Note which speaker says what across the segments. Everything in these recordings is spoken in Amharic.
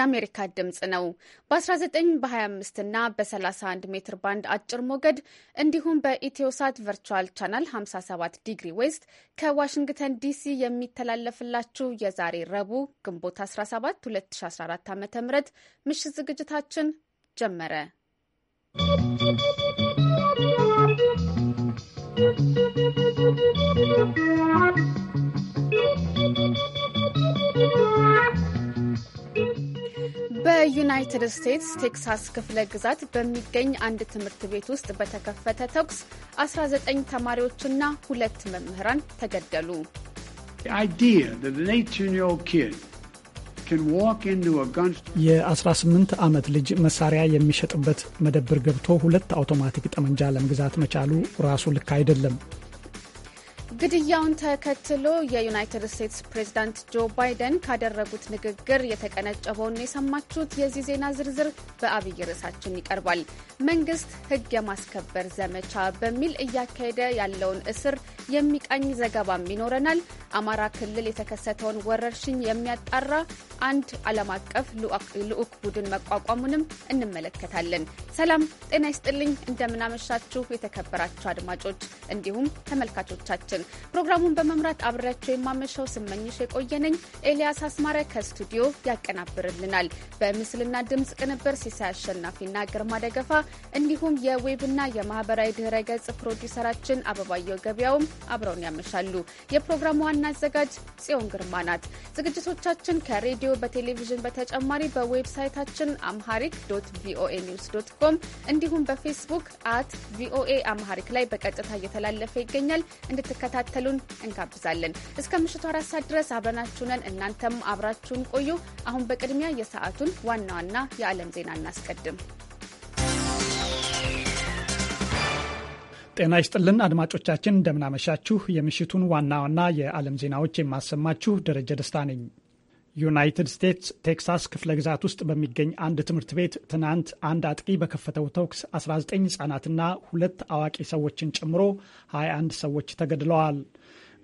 Speaker 1: የአሜሪካ ድምፅ ነው። በ19 በ25 እና በ31 ሜትር ባንድ አጭር ሞገድ እንዲሁም በኢትዮሳት ቨርቹዋል ቻናል 57 ዲግሪ ዌስት ከዋሽንግተን ዲሲ የሚተላለፍላችሁ የዛሬ ረቡዕ ግንቦት 17 2014 ዓ.ም ምሽት ዝግጅታችን ጀመረ። ¶¶ በዩናይትድ ስቴትስ ቴክሳስ ክፍለ ግዛት በሚገኝ አንድ ትምህርት ቤት ውስጥ በተከፈተ ተኩስ 19 ተማሪዎችና ሁለት መምህራን ተገደሉ።
Speaker 2: የ18 ዓመት ልጅ መሳሪያ የሚሸጥበት መደብር ገብቶ ሁለት አውቶማቲክ ጠመንጃ ለመግዛት መቻሉ ራሱ ልክ አይደለም።
Speaker 1: ግድያውን ተከትሎ የዩናይትድ ስቴትስ ፕሬዝዳንት ጆ ባይደን ካደረጉት ንግግር የተቀነጨበውን የሰማችሁት። የዚህ ዜና ዝርዝር በአብይ ርዕሳችን ይቀርባል። መንግስት ህግ የማስከበር ዘመቻ በሚል እያካሄደ ያለውን እስር የሚቃኝ ዘገባም ይኖረናል። አማራ ክልል የተከሰተውን ወረርሽኝ የሚያጣራ አንድ ዓለም አቀፍ ልዑክ ቡድን መቋቋሙንም እንመለከታለን። ሰላም ጤና ይስጥልኝ። እንደምናመሻችሁ የተከበራችሁ አድማጮች እንዲሁም ተመልካቾቻችን ፕሮግራሙን በመምራት አብሬያቸው የማመሻው ስመኝሽ የቆየነኝ። ኤልያስ አስማረ ከስቱዲዮ ያቀናብርልናል። በምስልና ድምፅ ቅንብር ሲሳይ አሸናፊና ግርማ ደገፋ እንዲሁም የዌብና የማህበራዊ ድህረ ገጽ ፕሮዲውሰራችን አበባየው ገበያውም አብረውን ያመሻሉ። የፕሮግራሙ ዋና አዘጋጅ ጽዮን ግርማ ናት። ዝግጅቶቻችን ከሬዲዮ በቴሌቪዥን በተጨማሪ በዌብሳይታችን አምሃሪክ ዶት ቪኦኤ ኒውስ ዶት ኮም እንዲሁም በፌስቡክ አት ቪኦኤ አምሃሪክ ላይ በቀጥታ እየተላለፈ ይገኛል እንድትከታ እንድትከታተሉን እንጋብዛለን። እስከ ምሽቱ አራት ሰዓት ድረስ አብረናችሁንን እናንተም አብራችሁን ቆዩ። አሁን በቅድሚያ የሰዓቱን ዋና ዋና የዓለም ዜና እናስቀድም።
Speaker 2: ጤና ይስጥልን አድማጮቻችን፣ እንደምናመሻችሁ። የምሽቱን ዋና ዋና የዓለም ዜናዎች የማሰማችሁ ደረጀ ደስታ ነኝ። ዩናይትድ ስቴትስ ቴክሳስ ክፍለ ግዛት ውስጥ በሚገኝ አንድ ትምህርት ቤት ትናንት አንድ አጥቂ በከፈተው ተኩስ 19 ህጻናትና ሁለት አዋቂ ሰዎችን ጨምሮ 21 ሰዎች ተገድለዋል።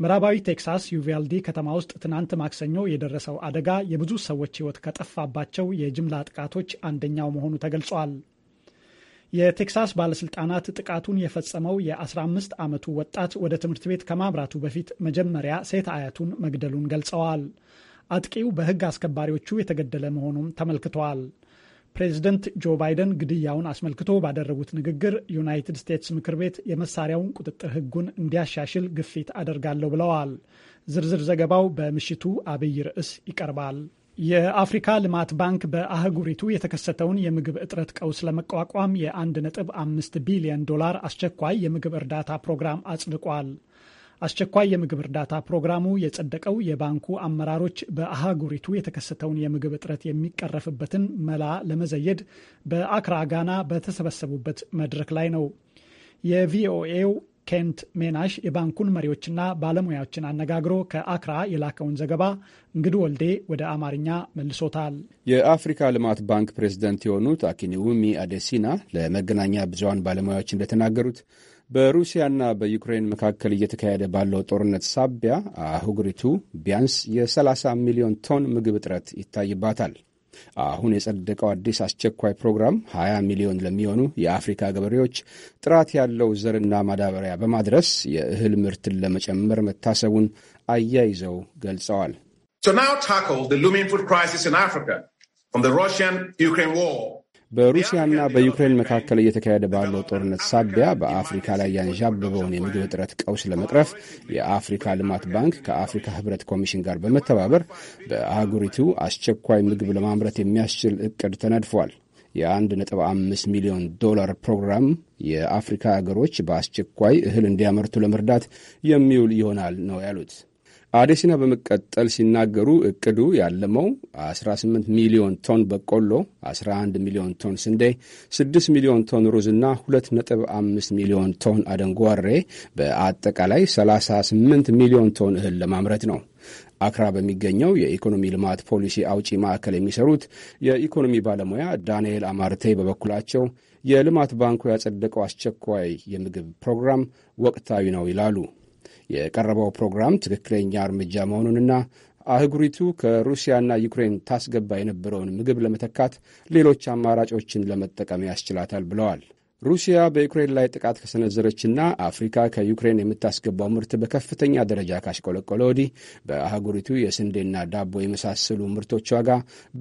Speaker 2: ምዕራባዊ ቴክሳስ ዩቫልዲ ከተማ ውስጥ ትናንት ማክሰኞ የደረሰው አደጋ የብዙ ሰዎች ህይወት ከጠፋባቸው የጅምላ ጥቃቶች አንደኛው መሆኑ ተገልጿል። የቴክሳስ ባለስልጣናት ጥቃቱን የፈጸመው የ15 ዓመቱ ወጣት ወደ ትምህርት ቤት ከማምራቱ በፊት መጀመሪያ ሴት አያቱን መግደሉን ገልጸዋል። አጥቂው በሕግ አስከባሪዎቹ የተገደለ መሆኑም ተመልክተዋል። ፕሬዚደንት ጆ ባይደን ግድያውን አስመልክቶ ባደረጉት ንግግር ዩናይትድ ስቴትስ ምክር ቤት የመሳሪያውን ቁጥጥር ሕጉን እንዲያሻሽል ግፊት አደርጋለሁ ብለዋል። ዝርዝር ዘገባው በምሽቱ አብይ ርዕስ ይቀርባል። የአፍሪካ ልማት ባንክ በአህጉሪቱ የተከሰተውን የምግብ እጥረት ቀውስ ለመቋቋም የ1.5 ቢሊዮን ዶላር አስቸኳይ የምግብ እርዳታ ፕሮግራም አጽድቋል። አስቸኳይ የምግብ እርዳታ ፕሮግራሙ የጸደቀው የባንኩ አመራሮች በአህጉሪቱ የተከሰተውን የምግብ እጥረት የሚቀረፍበትን መላ ለመዘየድ በአክራ ጋና በተሰበሰቡበት መድረክ ላይ ነው። የቪኦኤው ኬንት ሜናሽ የባንኩን መሪዎችና ባለሙያዎችን አነጋግሮ ከአክራ የላከውን ዘገባ እንግድ ወልዴ ወደ አማርኛ መልሶታል።
Speaker 3: የአፍሪካ ልማት ባንክ ፕሬዝደንት የሆኑት አኪኒውሚ አዴሲና ለመገናኛ ብዙሃን ባለሙያዎች እንደተናገሩት በሩሲያና በዩክሬን መካከል እየተካሄደ ባለው ጦርነት ሳቢያ አህጉሪቱ ቢያንስ የ30 ሚሊዮን ቶን ምግብ እጥረት ይታይባታል። አሁን የጸደቀው አዲስ አስቸኳይ ፕሮግራም 20 ሚሊዮን ለሚሆኑ የአፍሪካ ገበሬዎች ጥራት ያለው ዘርና ማዳበሪያ በማድረስ የእህል ምርትን ለመጨመር መታሰቡን አያይዘው ገልጸዋል።
Speaker 4: To now tackle
Speaker 3: በሩሲያና በዩክሬን መካከል እየተካሄደ ባለው ጦርነት ሳቢያ በአፍሪካ ላይ ያንዣበበውን የምግብ እጥረት ቀውስ ለመቅረፍ የአፍሪካ ልማት ባንክ ከአፍሪካ ሕብረት ኮሚሽን ጋር በመተባበር በአህጉሪቱ አስቸኳይ ምግብ ለማምረት የሚያስችል እቅድ ተነድፏል። የ1.5 ሚሊዮን ዶላር ፕሮግራም የአፍሪካ ሀገሮች በአስቸኳይ እህል እንዲያመርቱ ለመርዳት የሚውል ይሆናል ነው ያሉት። አዴሲና በመቀጠል ሲናገሩ እቅዱ ያለመው 18 ሚሊዮን ቶን በቆሎ፣ 11 ሚሊዮን ቶን ስንዴ፣ 6 ሚሊዮን ቶን ሩዝ እና 2.5 ሚሊዮን ቶን አደንጓሬ በአጠቃላይ 38 ሚሊዮን ቶን እህል ለማምረት ነው። አክራ በሚገኘው የኢኮኖሚ ልማት ፖሊሲ አውጪ ማዕከል የሚሰሩት የኢኮኖሚ ባለሙያ ዳንኤል አማርቴ በበኩላቸው የልማት ባንኩ ያጸደቀው አስቸኳይ የምግብ ፕሮግራም ወቅታዊ ነው ይላሉ። የቀረበው ፕሮግራም ትክክለኛ እርምጃ መሆኑንና አህጉሪቱ ከሩሲያና ዩክሬን ታስገባ የነበረውን ምግብ ለመተካት ሌሎች አማራጮችን ለመጠቀም ያስችላታል ብለዋል። ሩሲያ በዩክሬን ላይ ጥቃት ከሰነዘረችና አፍሪካ ከዩክሬን የምታስገባው ምርት በከፍተኛ ደረጃ ካሽቆለቆለ ወዲህ በአህጉሪቱ የስንዴና ዳቦ የመሳሰሉ ምርቶች ዋጋ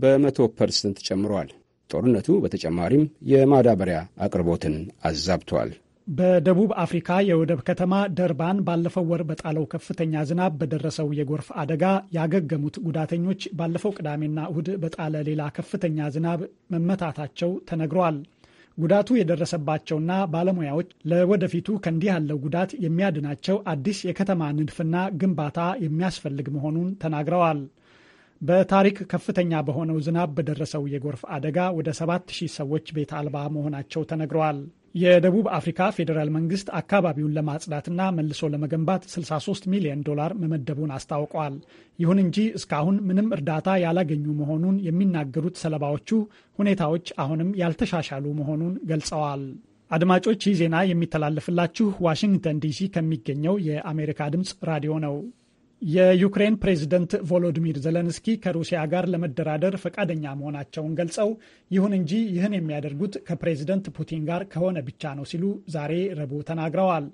Speaker 3: በመቶ ፐርሰንት ጨምሯል። ጦርነቱ በተጨማሪም የማዳበሪያ አቅርቦትን አዛብቷል።
Speaker 2: በደቡብ አፍሪካ የወደብ ከተማ ደርባን ባለፈው ወር በጣለው ከፍተኛ ዝናብ በደረሰው የጎርፍ አደጋ ያገገሙት ጉዳተኞች ባለፈው ቅዳሜና እሁድ በጣለ ሌላ ከፍተኛ ዝናብ መመታታቸው ተነግረዋል። ጉዳቱ የደረሰባቸውና ባለሙያዎች ለወደፊቱ ከእንዲህ ያለው ጉዳት የሚያድናቸው አዲስ የከተማ ንድፍና ግንባታ የሚያስፈልግ መሆኑን ተናግረዋል። በታሪክ ከፍተኛ በሆነው ዝናብ በደረሰው የጎርፍ አደጋ ወደ 7000 ሰዎች ቤት አልባ መሆናቸው ተነግረዋል። የደቡብ አፍሪካ ፌዴራል መንግስት አካባቢውን ለማጽዳትና መልሶ ለመገንባት 63 ሚሊዮን ዶላር መመደቡን አስታውቀዋል። ይሁን እንጂ እስካሁን ምንም እርዳታ ያላገኙ መሆኑን የሚናገሩት ሰለባዎቹ ሁኔታዎች አሁንም ያልተሻሻሉ መሆኑን ገልጸዋል። አድማጮች ይህ ዜና የሚተላለፍላችሁ ዋሽንግተን ዲሲ ከሚገኘው የአሜሪካ ድምፅ ራዲዮ ነው። የዩክሬን ፕሬዝደንት ቮሎዲሚር ዘለንስኪ ከሩሲያ ጋር ለመደራደር ፈቃደኛ መሆናቸውን ገልጸው ይሁን እንጂ ይህን የሚያደርጉት ከፕሬዝደንት ፑቲን ጋር ከሆነ ብቻ ነው ሲሉ ዛሬ ረቡዕ ተናግረዋል።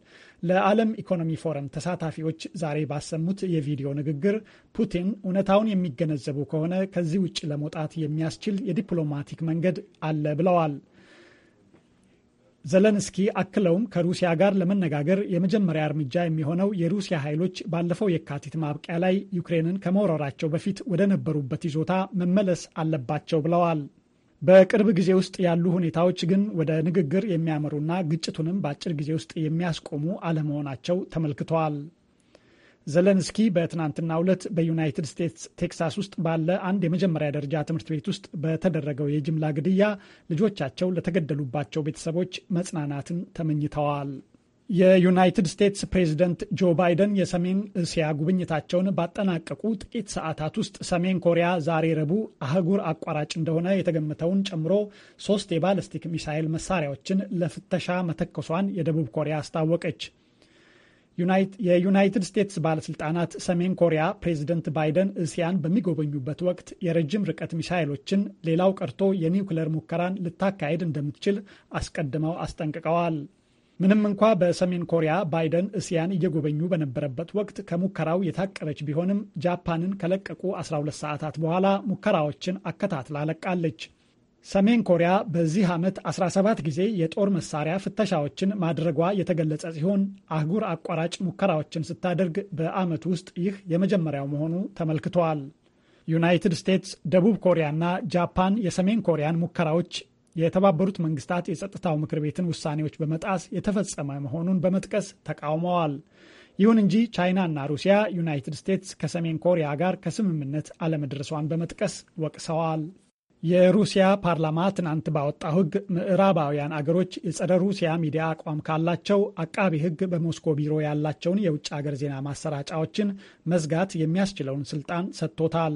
Speaker 2: ለዓለም ኢኮኖሚ ፎረም ተሳታፊዎች ዛሬ ባሰሙት የቪዲዮ ንግግር ፑቲን እውነታውን የሚገነዘቡ ከሆነ ከዚህ ውጭ ለመውጣት የሚያስችል የዲፕሎማቲክ መንገድ አለ ብለዋል። ዘለንስኪ አክለውም ከሩሲያ ጋር ለመነጋገር የመጀመሪያ እርምጃ የሚሆነው የሩሲያ ኃይሎች ባለፈው የካቲት ማብቂያ ላይ ዩክሬንን ከመውረራቸው በፊት ወደ ነበሩበት ይዞታ መመለስ አለባቸው ብለዋል። በቅርብ ጊዜ ውስጥ ያሉ ሁኔታዎች ግን ወደ ንግግር የሚያመሩና ግጭቱንም በአጭር ጊዜ ውስጥ የሚያስቆሙ አለመሆናቸው ተመልክተዋል። ዘለንስኪ በትናንትናው ዕለት በዩናይትድ ስቴትስ ቴክሳስ ውስጥ ባለ አንድ የመጀመሪያ ደረጃ ትምህርት ቤት ውስጥ በተደረገው የጅምላ ግድያ ልጆቻቸው ለተገደሉባቸው ቤተሰቦች መጽናናትን ተመኝተዋል። የዩናይትድ ስቴትስ ፕሬዝደንት ጆ ባይደን የሰሜን እስያ ጉብኝታቸውን ባጠናቀቁ ጥቂት ሰዓታት ውስጥ ሰሜን ኮሪያ ዛሬ ረቡዕ አህጉር አቋራጭ እንደሆነ የተገመተውን ጨምሮ ሶስት የባለስቲክ ሚሳይል መሳሪያዎችን ለፍተሻ መተኮሷን የደቡብ ኮሪያ አስታወቀች። የዩናይትድ ስቴትስ ባለስልጣናት ሰሜን ኮሪያ ፕሬዚደንት ባይደን እስያን በሚጎበኙበት ወቅት የረጅም ርቀት ሚሳይሎችን ሌላው ቀርቶ የኒውክለር ሙከራን ልታካሄድ እንደምትችል አስቀድመው አስጠንቅቀዋል። ምንም እንኳ በሰሜን ኮሪያ ባይደን እስያን እየጎበኙ በነበረበት ወቅት ከሙከራው የታቀበች ቢሆንም ጃፓንን ከለቀቁ 12 ሰዓታት በኋላ ሙከራዎችን አከታትላ ለቃለች። ሰሜን ኮሪያ በዚህ ዓመት 17 ጊዜ የጦር መሳሪያ ፍተሻዎችን ማድረጓ የተገለጸ ሲሆን አህጉር አቋራጭ ሙከራዎችን ስታደርግ በዓመት ውስጥ ይህ የመጀመሪያው መሆኑ ተመልክተዋል። ዩናይትድ ስቴትስ፣ ደቡብ ኮሪያና ጃፓን የሰሜን ኮሪያን ሙከራዎች የተባበሩት መንግስታት የጸጥታው ምክር ቤትን ውሳኔዎች በመጣስ የተፈጸመ መሆኑን በመጥቀስ ተቃውመዋል። ይሁን እንጂ ቻይናና ሩሲያ ዩናይትድ ስቴትስ ከሰሜን ኮሪያ ጋር ከስምምነት አለመድረሷን በመጥቀስ ወቅሰዋል። የሩሲያ ፓርላማ ትናንት ባወጣው ሕግ ምዕራባውያን አገሮች የጸረ ሩሲያ ሚዲያ አቋም ካላቸው አቃቢ ሕግ በሞስኮ ቢሮ ያላቸውን የውጭ አገር ዜና ማሰራጫዎችን መዝጋት የሚያስችለውን ስልጣን ሰጥቶታል።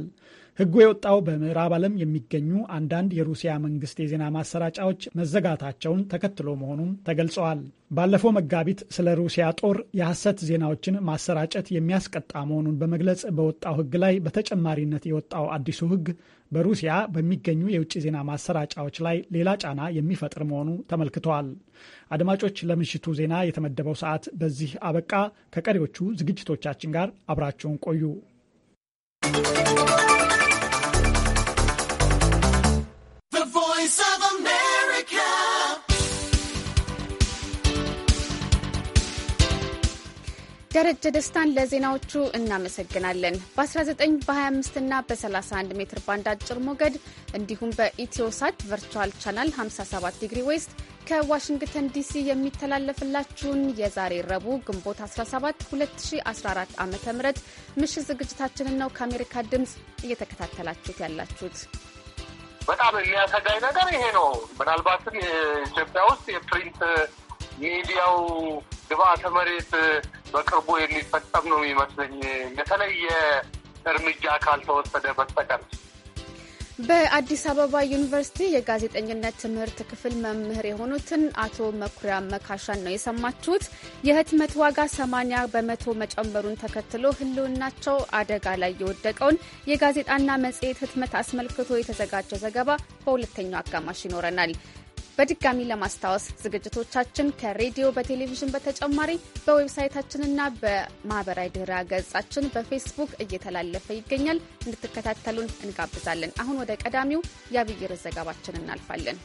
Speaker 2: ህጉ የወጣው በምዕራብ ዓለም የሚገኙ አንዳንድ የሩሲያ መንግስት የዜና ማሰራጫዎች መዘጋታቸውን ተከትሎ መሆኑም ተገልጸዋል። ባለፈው መጋቢት ስለ ሩሲያ ጦር የሐሰት ዜናዎችን ማሰራጨት የሚያስቀጣ መሆኑን በመግለጽ በወጣው ህግ ላይ በተጨማሪነት የወጣው አዲሱ ህግ በሩሲያ በሚገኙ የውጭ ዜና ማሰራጫዎች ላይ ሌላ ጫና የሚፈጥር መሆኑ ተመልክተዋል። አድማጮች፣ ለምሽቱ ዜና የተመደበው ሰዓት በዚህ አበቃ። ከቀሪዎቹ ዝግጅቶቻችን ጋር አብራችሁን ቆዩ።
Speaker 1: ደረጀ ደስታን ለዜናዎቹ እናመሰግናለን። በ19 በ25 እና በ31 ሜትር ባንድ አጭር ሞገድ እንዲሁም በኢትዮሳት ቨርቹዋል ቻናል 57 ዲግሪ ዌስት ከዋሽንግተን ዲሲ የሚተላለፍላችሁን የዛሬ ረቡዕ ግንቦት 17 2014 ዓ ም ምሽት ዝግጅታችንን ነው ከአሜሪካ ድምፅ እየተከታተላችሁት
Speaker 3: ያላችሁት።
Speaker 4: በጣም የሚያሰጋኝ ነገር ይሄ ነው። ምናልባትም ኢትዮጵያ ውስጥ የፕሪንት ሚዲያው ግብአተ መሬት በቅርቡ የሚፈጸም ነው የሚመስለኝ የተለየ እርምጃ ካልተወሰደ በስተቀር።
Speaker 1: በአዲስ አበባ ዩኒቨርሲቲ የጋዜጠኝነት ትምህርት ክፍል መምህር የሆኑትን አቶ መኩሪያ መካሻን ነው የሰማችሁት። የህትመት ዋጋ 80 በመቶ መጨመሩን ተከትሎ ህልውናቸው አደጋ ላይ የወደቀውን የጋዜጣና መጽሔት ህትመት አስመልክቶ የተዘጋጀ ዘገባ በሁለተኛው አጋማሽ ይኖረናል። በድጋሚ ለማስታወስ ዝግጅቶቻችን ከሬዲዮ በቴሌቪዥን በተጨማሪ በዌብሳይታችንና በማህበራዊ ድረ ገጻችን በፌስቡክ እየተላለፈ ይገኛል። እንድትከታተሉን እንጋብዛለን። አሁን ወደ ቀዳሚው የአብይር ዘገባችን እናልፋለን።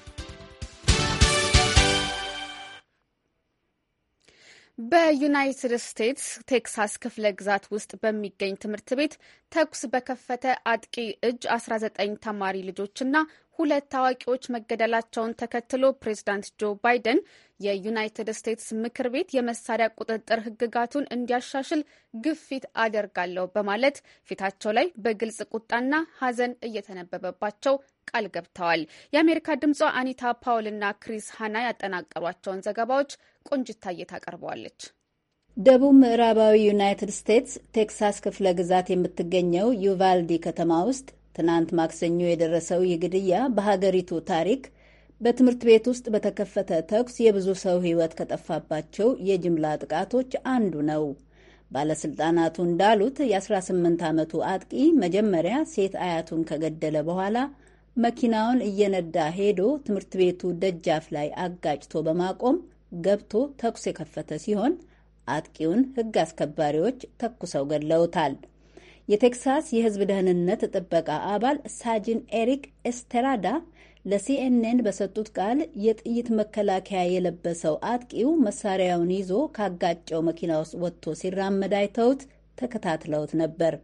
Speaker 1: በዩናይትድ ስቴትስ ቴክሳስ ክፍለ ግዛት ውስጥ በሚገኝ ትምህርት ቤት ተኩስ በከፈተ አጥቂ እጅ 19 ተማሪ ልጆችና ሁለት ታዋቂዎች መገደላቸውን ተከትሎ ፕሬዚዳንት ጆ ባይደን የዩናይትድ ስቴትስ ምክር ቤት የመሳሪያ ቁጥጥር ሕግጋቱን እንዲያሻሽል ግፊት አደርጋለሁ በማለት ፊታቸው ላይ በግልጽ ቁጣና ሐዘን እየተነበበባቸው ቃል ገብተዋል። የአሜሪካ ድምጿ አኒታ ፓውልና ክሪስ ሃና ያጠናቀሯቸውን ዘገባዎች ቆንጅታዬ ታቀርበዋለች።
Speaker 5: ደቡብ ምዕራባዊ ዩናይትድ ስቴትስ ቴክሳስ ክፍለ ግዛት የምትገኘው ዩቫልዲ ከተማ ውስጥ ትናንት ማክሰኞ የደረሰው ይህ ግድያ በሀገሪቱ ታሪክ በትምህርት ቤት ውስጥ በተከፈተ ተኩስ የብዙ ሰው ሕይወት ከጠፋባቸው የጅምላ ጥቃቶች አንዱ ነው። ባለስልጣናቱ እንዳሉት የ18 ዓመቱ አጥቂ መጀመሪያ ሴት አያቱን ከገደለ በኋላ መኪናውን እየነዳ ሄዶ ትምህርት ቤቱ ደጃፍ ላይ አጋጭቶ በማቆም ገብቶ ተኩስ የከፈተ ሲሆን አጥቂውን ሕግ አስከባሪዎች ተኩሰው ገድለውታል። የቴክሳስ የህዝብ ደህንነት ጥበቃ አባል ሳጅን ኤሪክ ኤስተራዳ ለሲኤንኤን በሰጡት ቃል የጥይት መከላከያ የለበሰው አጥቂው መሳሪያውን ይዞ ካጋጨው መኪና ውስጥ ወጥቶ ሲራመድ አይተውት ተከታትለውት ነበር።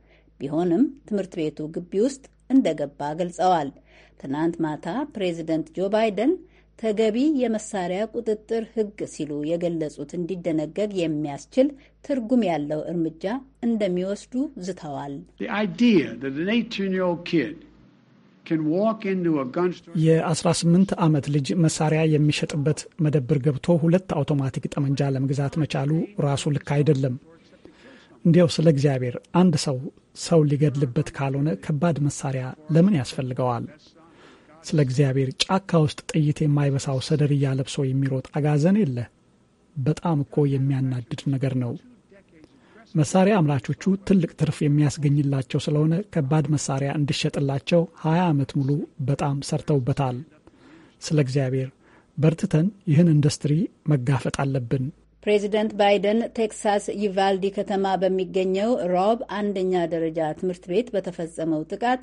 Speaker 5: ቢሆንም ትምህርት ቤቱ ግቢ ውስጥ እንደገባ ገልጸዋል። ትናንት ማታ ፕሬዚደንት ጆ ባይደን ተገቢ የመሳሪያ ቁጥጥር ሕግ ሲሉ የገለጹት እንዲደነገግ የሚያስችል ትርጉም ያለው እርምጃ እንደሚወስዱ ዝተዋል።
Speaker 2: የ18 ዓመት ልጅ መሳሪያ የሚሸጥበት መደብር ገብቶ ሁለት አውቶማቲክ ጠመንጃ ለመግዛት መቻሉ ራሱ ልክ አይደለም። እንዲያው ስለ እግዚአብሔር አንድ ሰው ሰው ሊገድልበት ካልሆነ ከባድ መሳሪያ ለምን ያስፈልገዋል? ስለ እግዚአብሔር ጫካ ውስጥ ጥይት የማይበሳው ሰደርያ ለብሶ የሚሮጥ አጋዘን የለ። በጣም እኮ የሚያናድድ ነገር ነው። መሳሪያ አምራቾቹ ትልቅ ትርፍ የሚያስገኝላቸው ስለሆነ ከባድ መሳሪያ እንዲሸጥላቸው ሀያ ዓመት ሙሉ በጣም ሰርተውበታል። ስለ እግዚአብሔር በርትተን ይህን ኢንዱስትሪ መጋፈጥ አለብን።
Speaker 5: ፕሬዚደንት ባይደን ቴክሳስ ዩቫልዲ ከተማ በሚገኘው ሮብ አንደኛ ደረጃ ትምህርት ቤት በተፈጸመው ጥቃት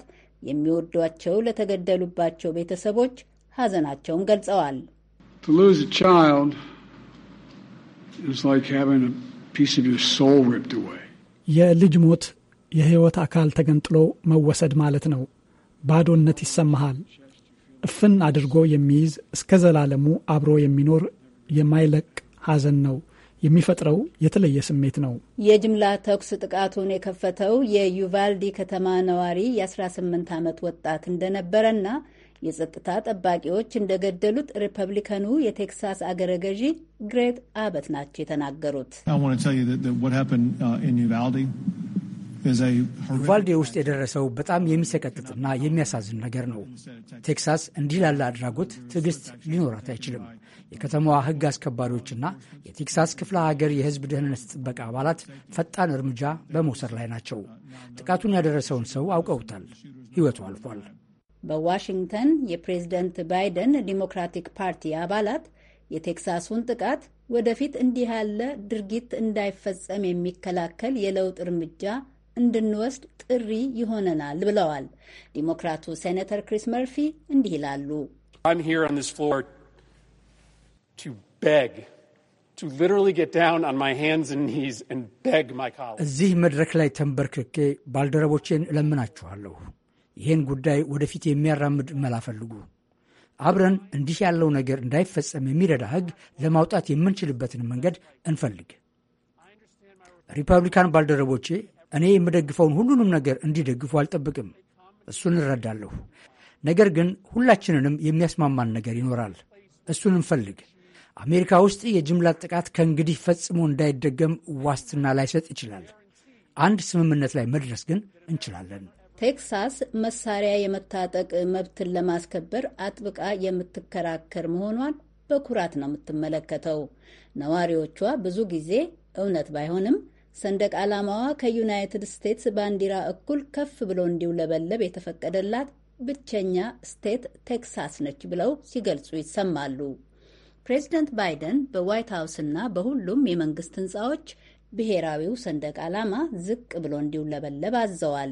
Speaker 5: የሚወዷቸው ለተገደሉባቸው ቤተሰቦች ሐዘናቸውን ገልጸዋል።
Speaker 2: የልጅ ሞት የሕይወት አካል ተገንጥሎ መወሰድ ማለት ነው። ባዶነት ይሰማሃል። እፍን አድርጎ የሚይዝ እስከ ዘላለሙ አብሮ የሚኖር የማይለቅ ሐዘን ነው። የሚፈጥረው የተለየ ስሜት ነው።
Speaker 5: የጅምላ ተኩስ ጥቃቱን የከፈተው የዩቫልዲ ከተማ ነዋሪ የ18 ዓመት ወጣት እንደነበረና የጸጥታ ጠባቂዎች እንደገደሉት ሪፐብሊካኑ የቴክሳስ አገረ ገዢ ግሬት አበት ናቸው የተናገሩት።
Speaker 6: uh, ዩቫልዴ ውስጥ የደረሰው በጣም የሚሰቀጥጥና የሚያሳዝን ነገር ነው። ቴክሳስ እንዲህ ላለ አድራጎት ትዕግስት ሊኖራት አይችልም። የከተማዋ ሕግ አስከባሪዎችና የቴክሳስ ክፍለ ሀገር የሕዝብ ደህንነት ጥበቃ አባላት ፈጣን እርምጃ በመውሰድ ላይ ናቸው። ጥቃቱን ያደረሰውን ሰው አውቀውታል። ሕይወቱ አልፏል።
Speaker 5: በዋሽንግተን የፕሬዝደንት ባይደን ዲሞክራቲክ ፓርቲ አባላት የቴክሳሱን ጥቃት ወደፊት እንዲህ ያለ ድርጊት እንዳይፈጸም የሚከላከል የለውጥ እርምጃ እንድንወስድ ጥሪ ይሆነናል ብለዋል። ዲሞክራቱ ሴኔተር ክሪስ መርፊ እንዲህ ይላሉ።
Speaker 3: to
Speaker 2: beg to literally get down on my hands and knees and beg my colleagues እዚህ
Speaker 6: መድረክ ላይ ተንበርክኬ ባልደረቦቼን እለምናችኋለሁ ይህን ጉዳይ ወደፊት የሚያራምድ መላ ፈልጉ። አብረን እንዲህ ያለው ነገር እንዳይፈጸም የሚረዳ ሕግ ለማውጣት የምንችልበትን መንገድ እንፈልግ። ሪፐብሊካን ባልደረቦቼ እኔ የምደግፈውን ሁሉንም ነገር እንዲደግፉ አልጠብቅም። እሱን እረዳለሁ። ነገር ግን ሁላችንንም የሚያስማማን ነገር ይኖራል። እሱን እንፈልግ። አሜሪካ ውስጥ የጅምላ ጥቃት ከእንግዲህ ፈጽሞ እንዳይደገም ዋስትና ላይሰጥ ይችላል። አንድ ስምምነት ላይ መድረስ ግን እንችላለን።
Speaker 5: ቴክሳስ መሳሪያ የመታጠቅ መብትን ለማስከበር አጥብቃ የምትከራከር መሆኗን በኩራት ነው የምትመለከተው። ነዋሪዎቿ ብዙ ጊዜ እውነት ባይሆንም ሰንደቅ ዓላማዋ ከዩናይትድ ስቴትስ ባንዲራ እኩል ከፍ ብሎ እንዲውለበለብ የተፈቀደላት ብቸኛ ስቴት ቴክሳስ ነች ብለው ሲገልጹ ይሰማሉ። ፕሬዚደንት ባይደን በዋይት ና በሁሉም የመንግስት ህንፃዎች ብሔራዊው ሰንደቅ ዓላማ ዝቅ ብሎ እንዲውለበለብ አዘዋል።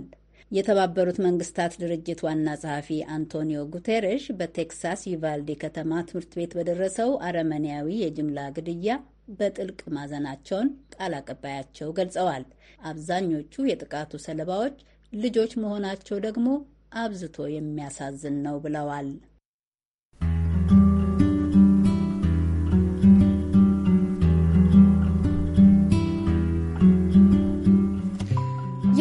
Speaker 5: የተባበሩት መንግስታት ድርጅት ዋና ጸሐፊ አንቶኒዮ ጉቴሬሽ በቴክሳስ ዩቫልዲ ከተማ ትምህርት ቤት በደረሰው አረመኔያዊ የጅምላ ግድያ በጥልቅ ማዘናቸውን ቃል አቀባያቸው ገልጸዋል። አብዛኞቹ የጥቃቱ ሰለባዎች ልጆች መሆናቸው ደግሞ አብዝቶ የሚያሳዝን ነው ብለዋል።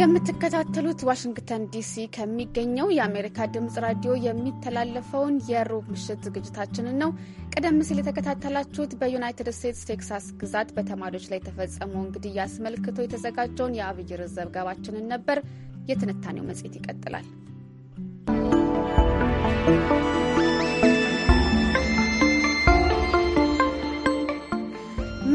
Speaker 1: የምትከታተሉት ዋሽንግተን ዲሲ ከሚገኘው የአሜሪካ ድምፅ ራዲዮ የሚተላለፈውን የሩብ ምሽት ዝግጅታችንን ነው። ቀደም ሲል የተከታተላችሁት በዩናይትድ ስቴትስ ቴክሳስ ግዛት በተማሪዎች ላይ የተፈጸመውን ግድያ አስመልክቶ የተዘጋጀውን የአብይ ርዕስ ዘገባችንን ነበር። የትንታኔው መጽሔት ይቀጥላል።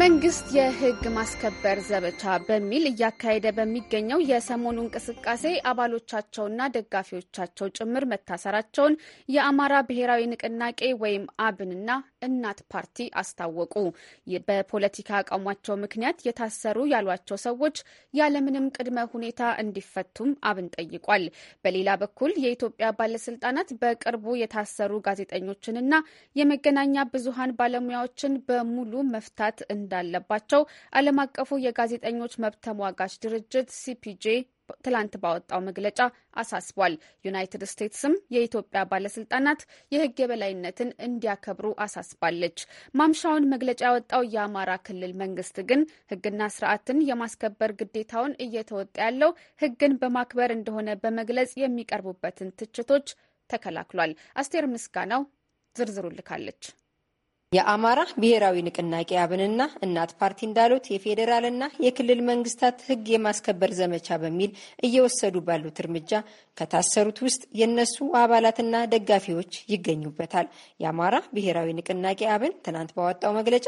Speaker 1: መንግስት የህግ ማስከበር ዘመቻ በሚል እያካሄደ በሚገኘው የሰሞኑ እንቅስቃሴ አባሎቻቸውና ደጋፊዎቻቸው ጭምር መታሰራቸውን የአማራ ብሔራዊ ንቅናቄ ወይም አብንና እናት ፓርቲ አስታወቁ። በፖለቲካ አቋማቸው ምክንያት የታሰሩ ያሏቸው ሰዎች ያለምንም ቅድመ ሁኔታ እንዲፈቱም አብን ጠይቋል። በሌላ በኩል የኢትዮጵያ ባለስልጣናት በቅርቡ የታሰሩ ጋዜጠኞችንና የመገናኛ ብዙሃን ባለሙያዎችን በሙሉ መፍታት እንዳለባቸው ዓለም አቀፉ የጋዜጠኞች መብት ተሟጋች ድርጅት ሲፒጄ ትላንት ባወጣው መግለጫ አሳስቧል። ዩናይትድ ስቴትስም የኢትዮጵያ ባለስልጣናት የህግ የበላይነትን እንዲያከብሩ አሳስባለች። ማምሻውን መግለጫ ያወጣው የአማራ ክልል መንግስት ግን ህግና ስርዓትን የማስከበር ግዴታውን እየተወጣ ያለው ህግን በማክበር እንደሆነ በመግለጽ የሚቀርቡበትን ትችቶች ተከላክሏል። አስቴር ምስጋናው ዝርዝሩ ልካለች። የአማራ ብሔራዊ
Speaker 7: ንቅናቄ አብንና እናት ፓርቲ እንዳሉት የፌዴራልና የክልል መንግስታት ህግ የማስከበር ዘመቻ በሚል እየወሰዱ ባሉት እርምጃ ከታሰሩት ውስጥ የእነሱ አባላትና ደጋፊዎች ይገኙበታል። የአማራ ብሔራዊ ንቅናቄ አብን ትናንት ባወጣው መግለጫ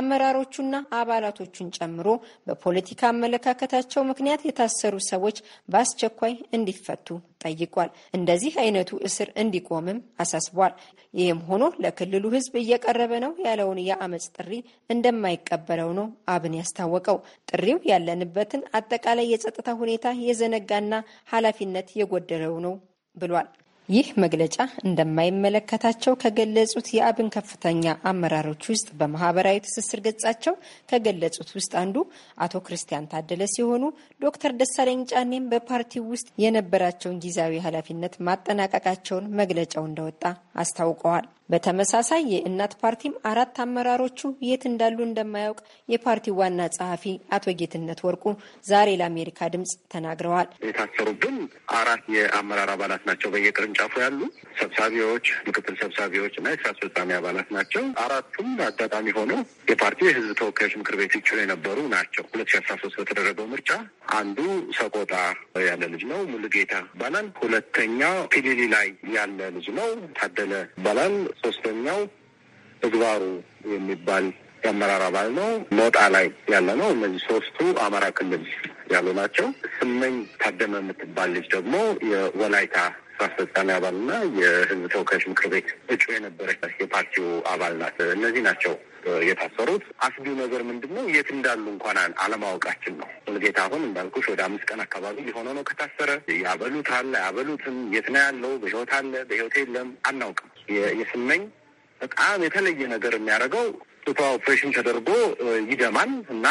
Speaker 7: አመራሮቹና አባላቶቹን ጨምሮ በፖለቲካ አመለካከታቸው ምክንያት የታሰሩ ሰዎች በአስቸኳይ እንዲፈቱ ጠይቋል። እንደዚህ አይነቱ እስር እንዲቆምም አሳስቧል። ይህም ሆኖ ለክልሉ ህዝብ እየቀረበ ነው ያለውን የአመፅ ጥሪ እንደማይቀበለው ነው አብን ያስታወቀው። ጥሪው ያለንበትን አጠቃላይ የጸጥታ ሁኔታ የዘነጋና ኃላፊነት የጎደለው ነው ብሏል። ይህ መግለጫ እንደማይመለከታቸው ከገለጹት የአብን ከፍተኛ አመራሮች ውስጥ በማህበራዊ ትስስር ገጻቸው ከገለጹት ውስጥ አንዱ አቶ ክርስቲያን ታደለ ሲሆኑ ዶክተር ደሳለኝ ጫኔም በፓርቲው ውስጥ የነበራቸውን ጊዜያዊ ኃላፊነት ማጠናቀቃቸውን መግለጫው እንደወጣ አስታውቀዋል። በተመሳሳይ የእናት ፓርቲም አራት አመራሮቹ የት እንዳሉ እንደማያውቅ የፓርቲው ዋና ጸሐፊ አቶ ጌትነት ወርቁ ዛሬ ለአሜሪካ ድምጽ ተናግረዋል።
Speaker 4: የታሰሩብን አራት የአመራር አባላት ናቸው። በየቅርንጫፉ ያሉ ሰብሳቢዎች፣ ምክትል ሰብሳቢዎች እና የስራ አስፈጻሚ አባላት ናቸው። አራቱም አጋጣሚ ሆኖ የፓርቲው የህዝብ ተወካዮች ምክር ቤት ይችሉ የነበሩ ናቸው። ሁለት ሺ አስራ ሶስት በተደረገው ምርጫ አንዱ ሰቆጣ ያለ ልጅ ነው ሙሉጌታ ይባላል። ሁለተኛው ፒሊሊ ላይ ያለ ልጅ ነው ታደለ ይባላል። ሶስተኛው ተግባሩ የሚባል የአመራር አባል ነው። ሞጣ ላይ ያለ ነው። እነዚህ ሶስቱ አማራ ክልል ያሉ ናቸው። ስመኝ ታደመ የምትባል ልጅ ደግሞ የወላይታ ስራ አስፈጻሚ አባል እና የህዝብ ተወካዮች ምክር ቤት እጩ የነበረች የፓርቲው አባል ናት። እነዚህ ናቸው የታሰሩት። አስቢው ነገር ምንድን ነው? የት እንዳሉ እንኳን አለማወቃችን ነው። ሁልጌታ አሁን እንዳልኩሽ ወደ አምስት ቀን አካባቢ የሆነ ነው ከታሰረ። ያበሉት አለ አያበሉትም፣ የት ነው ያለው? በህይወት አለ በህይወት የለም? አናውቅም። የስመኝ በጣም የተለየ ነገር የሚያደርገው ጡቷ ኦፕሬሽን ተደርጎ ይደማል እና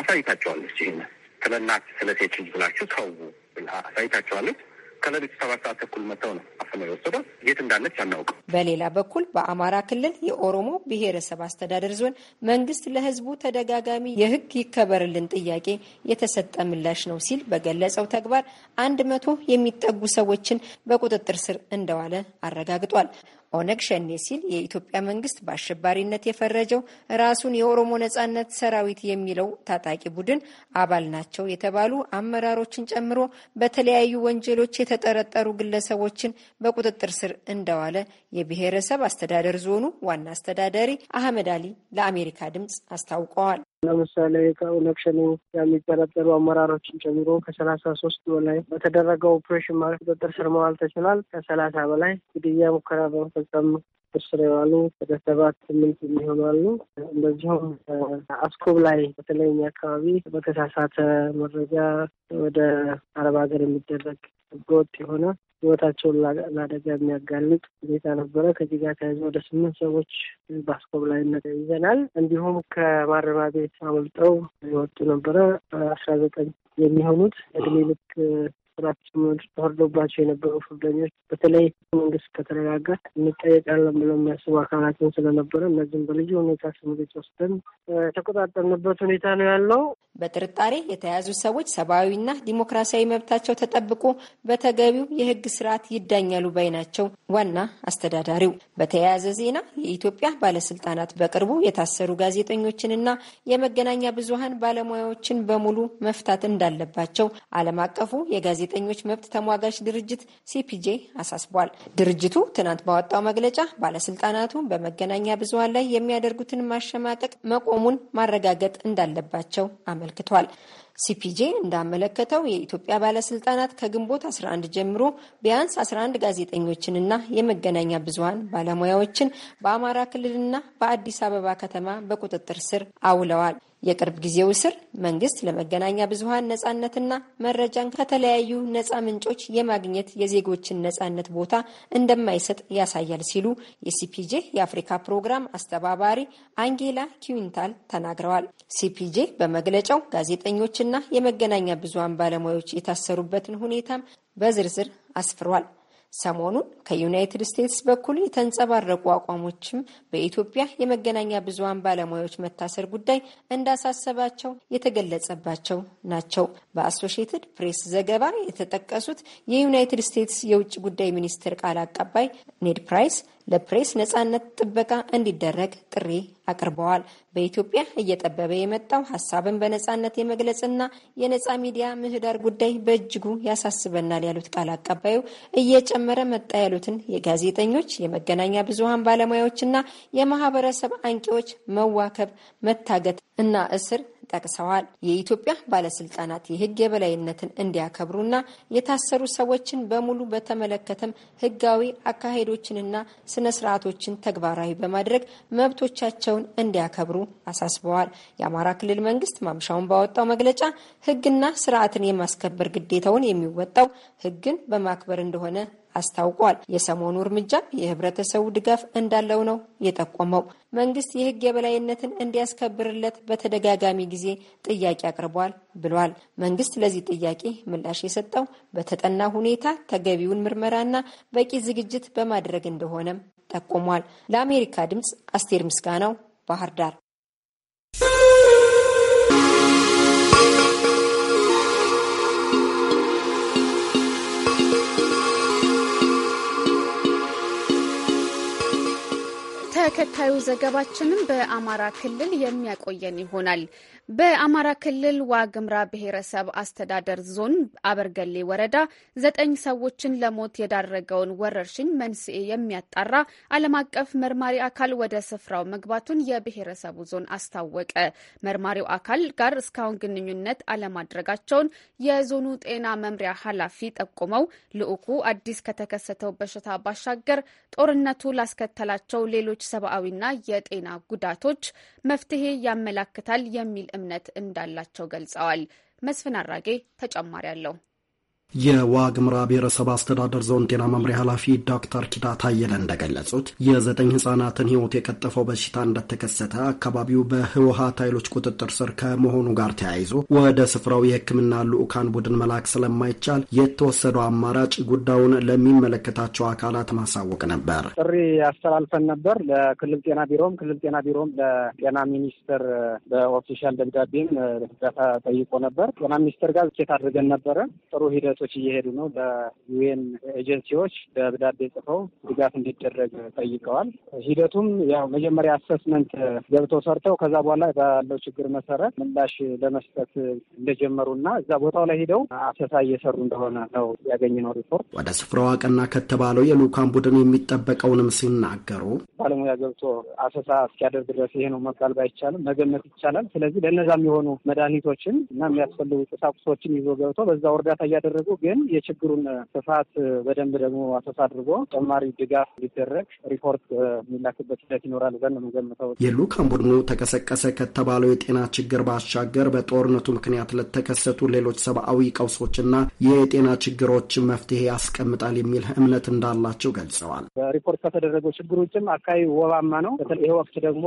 Speaker 4: አሳይታቸዋለች። ይህን ስለ እናት ስለ ሴት ልጅ ብላችሁ ተዉ ብላ አሳይታቸዋለች። ከሌሊቱ ሰባት ሰዓት ተኩል መጥተው ነው አፍኖ የወሰደው። የት እንዳለች አናውቅም።
Speaker 7: በሌላ በኩል በአማራ ክልል የኦሮሞ ብሔረሰብ አስተዳደር ዞን መንግስት ለህዝቡ ተደጋጋሚ የህግ ይከበርልን ጥያቄ የተሰጠ ምላሽ ነው ሲል በገለጸው ተግባር አንድ መቶ የሚጠጉ ሰዎችን በቁጥጥር ስር እንደዋለ አረጋግጧል። ኦነግ ሸኔ ሲል የኢትዮጵያ መንግስት በአሸባሪነት የፈረጀው ራሱን የኦሮሞ ነጻነት ሰራዊት የሚለው ታጣቂ ቡድን አባል ናቸው የተባሉ አመራሮችን ጨምሮ በተለያዩ ወንጀሎች የተጠረጠሩ ግለሰቦችን በቁጥጥር ስር እንደዋለ የብሔረሰብ አስተዳደር ዞኑ ዋና አስተዳዳሪ አህመድ አሊ ለአሜሪካ ድምፅ አስታውቀዋል።
Speaker 8: ለምሳሌ ከኦነግ ሸኔ የሚጠረጠሩ አመራሮችን ጨምሮ ከሰላሳ ሶስት በላይ በተደረገው ኦፕሬሽን ማለት ቁጥጥር ስር መዋል ተችሏል። ከሰላሳ በላይ ግድያ ሙከራ በመፈጸም ቁጥጥር ስር የዋሉ ወደ ሰባት ስምንት የሚሆናሉ። እንደዚሁም አስኮብ ላይ በተለይ አካባቢ በተሳሳተ መረጃ ወደ አረብ ሀገር የሚደረግ ህገወጥ የሆነ ህይወታቸውን ለአደጋ የሚያጋልጥ ሁኔታ ነበረ። ከዚህ ጋር ተያይዞ ወደ ስምንት ሰዎች በአስኮብ ላይ ይዘናል። እንዲሁም ከማረሚያ ቤት አመልጠው የወጡ ነበረ አስራ ዘጠኝ የሚሆኑት እድሜ ልክ ስርዓት ተፈርዶባቸው የነበሩ ፍርደኞች በተለይ መንግስት ከተረጋጋ እንጠየቃለን ብለው የሚያስቡ አካላትን ስለነበረ እነዚህም በልዩ ሁኔታ ስምሪት ወስደን
Speaker 7: የተቆጣጠርንበት ሁኔታ ነው ያለው። በጥርጣሬ የተያዙ ሰዎች ሰብአዊና ዲሞክራሲያዊ መብታቸው ተጠብቆ በተገቢው የህግ ስርዓት ይዳኛሉ ባይ ናቸው ዋና አስተዳዳሪው። በተያያዘ ዜና የኢትዮጵያ ባለስልጣናት በቅርቡ የታሰሩ ጋዜጠኞችንና የመገናኛ ብዙሀን ባለሙያዎችን በሙሉ መፍታት እንዳለባቸው ዓለም አቀፉ የጋዜ የጋዜጠኞች መብት ተሟጋች ድርጅት ሲፒጄ አሳስቧል። ድርጅቱ ትናንት ባወጣው መግለጫ ባለስልጣናቱ በመገናኛ ብዙኃን ላይ የሚያደርጉትን ማሸማቀቅ መቆሙን ማረጋገጥ እንዳለባቸው አመልክቷል። ሲፒጄ እንዳመለከተው የኢትዮጵያ ባለስልጣናት ከግንቦት 11 ጀምሮ ቢያንስ 11 ጋዜጠኞችንና የመገናኛ ብዙኃን ባለሙያዎችን በአማራ ክልልና በአዲስ አበባ ከተማ በቁጥጥር ስር አውለዋል። የቅርብ ጊዜው እስር መንግስት ለመገናኛ ብዙሃን ነጻነትና መረጃን ከተለያዩ ነጻ ምንጮች የማግኘት የዜጎችን ነጻነት ቦታ እንደማይሰጥ ያሳያል ሲሉ የሲፒጄ የአፍሪካ ፕሮግራም አስተባባሪ አንጌላ ኪዊንታል ተናግረዋል። ሲፒጄ በመግለጫው ጋዜጠኞችና የመገናኛ ብዙሃን ባለሙያዎች የታሰሩበትን ሁኔታም በዝርዝር አስፍሯል። ሰሞኑን ከዩናይትድ ስቴትስ በኩል የተንጸባረቁ አቋሞችም በኢትዮጵያ የመገናኛ ብዙሀን ባለሙያዎች መታሰር ጉዳይ እንዳሳሰባቸው የተገለጸባቸው ናቸው። በአሶሽትድ ፕሬስ ዘገባ የተጠቀሱት የዩናይትድ ስቴትስ የውጭ ጉዳይ ሚኒስትር ቃል አቀባይ ኔድ ፕራይስ ለፕሬስ ነጻነት ጥበቃ እንዲደረግ ጥሪ አቅርበዋል። በኢትዮጵያ እየጠበበ የመጣው ሀሳብን በነጻነት የመግለጽና የነጻ ሚዲያ ምህዳር ጉዳይ በእጅጉ ያሳስበናል ያሉት ቃል አቀባዩ እየጨመረ መጣ ያሉትን የጋዜጠኞች፣ የመገናኛ ባለሙያዎች ባለሙያዎችና የማህበረሰብ አንቂዎች መዋከብ፣ መታገት እና እስር ጠቅሰዋል። የኢትዮጵያ ባለስልጣናት የህግ የበላይነትን እንዲያከብሩና የታሰሩ ሰዎችን በሙሉ በተመለከተም ህጋዊ አካሄዶችንና ስነ ስርዓቶችን ተግባራዊ በማድረግ መብቶቻቸውን እንዲያከብሩ አሳስበዋል። የአማራ ክልል መንግስት ማምሻውን ባወጣው መግለጫ ህግና ስርዓትን የማስከበር ግዴታውን የሚወጣው ህግን በማክበር እንደሆነ አስታውቋል። የሰሞኑ እርምጃ የህብረተሰቡ ድጋፍ እንዳለው ነው የጠቆመው። መንግስት የህግ የበላይነትን እንዲያስከብርለት በተደጋጋሚ ጊዜ ጥያቄ አቅርቧል ብሏል። መንግስት ለዚህ ጥያቄ ምላሽ የሰጠው በተጠና ሁኔታ ተገቢውን ምርመራና በቂ ዝግጅት በማድረግ እንደሆነም ጠቁሟል። ለአሜሪካ ድምፅ አስቴር ምስጋናው ባህር ዳር።
Speaker 1: ተከታዩ ዘገባችንም በአማራ ክልል የሚያቆየን ይሆናል። በአማራ ክልል ዋግምራ ብሔረሰብ አስተዳደር ዞን አበርገሌ ወረዳ ዘጠኝ ሰዎችን ለሞት የዳረገውን ወረርሽኝ መንስኤ የሚያጣራ ዓለም አቀፍ መርማሪ አካል ወደ ስፍራው መግባቱን የብሔረሰቡ ዞን አስታወቀ። መርማሪው አካል ጋር እስካሁን ግንኙነት አለማድረጋቸውን የዞኑ ጤና መምሪያ ኃላፊ ጠቁመው ልዑኩ አዲስ ከተከሰተው በሽታ ባሻገር ጦርነቱ ላስከተላቸው ሌሎች ሰብአዊና የጤና ጉዳቶች መፍትሄ ያመላክታል የሚል እምነት እንዳላቸው ገልጸዋል። መስፍን አራጌ ተጨማሪ አለው።
Speaker 9: የዋግምራ ብሔረሰብ አስተዳደር ዞን ጤና መምሪያ ኃላፊ ዶክተር ኪዳ ታየለ እንደገለጹት የዘጠኝ ህጻናትን ህይወት የቀጠፈው በሽታ እንደተከሰተ አካባቢው በህወሀት ኃይሎች ቁጥጥር ስር ከመሆኑ ጋር ተያይዞ ወደ ስፍራው የህክምና ልዑካን ቡድን መላክ ስለማይቻል የተወሰደው አማራጭ ጉዳዩን ለሚመለከታቸው አካላት ማሳወቅ ነበር።
Speaker 8: ጥሪ ያስተላልፈን ነበር ለክልል ጤና ቢሮም ክልል ጤና ቢሮም ለጤና ሚኒስቴር በኦፊሻል ደብዳቤም ጠይቆ ነበር። ጤና ሚኒስቴር ጋር ኬት አድርገን ነበረ ጥሩ ሂደት ድርጅቶች እየሄዱ ነው። በዩኤን ኤጀንሲዎች ደብዳቤ ጽፈው ድጋፍ እንዲደረግ ጠይቀዋል። ሂደቱም ያው መጀመሪያ አሰስመንት ገብተው ሰርተው ከዛ በኋላ ባለው ችግር መሰረት ምላሽ ለመስጠት እንደጀመሩ እና እዛ ቦታው ላይ ሂደው አሰሳ እየሰሩ እንደሆነ ነው ያገኘነው ሪፖርት።
Speaker 9: ወደ ስፍራው አቀና ከተባለው የልኡካን ቡድን የሚጠበቀውንም ሲናገሩ
Speaker 8: ባለሙያ ገብቶ አሰሳ እስኪያደርግ ድረስ ይሄ ነው መባል ባይቻልም መገመት ይቻላል። ስለዚህ ለእነዛ የሚሆኑ መድኃኒቶችን እና የሚያስፈልጉ ቁሳቁሶችን ይዞ ገብቶ በዛው እርዳታ እያደረገ ቢያደርጉ ግን የችግሩን ስፋት በደንብ ደግሞ አሰሳ አድርጎ ተጨማሪ ድጋፍ ሊደረግ ሪፖርት የሚላክበት ሂደት ይኖራል ብለን ነው የምገምተው።
Speaker 9: የልዑካን ቡድኑ ተቀሰቀሰ ከተባለው የጤና ችግር ባሻገር በጦርነቱ ምክንያት ለተከሰቱ ሌሎች ሰብአዊ ቀውሶችና የጤና ችግሮች መፍትሄ ያስቀምጣል የሚል እምነት እንዳላቸው ገልጸዋል።
Speaker 8: ሪፖርት ከተደረገው ችግር ውጭም አካባቢ ወባማ ነው። በተለይ ይህ ወቅት ደግሞ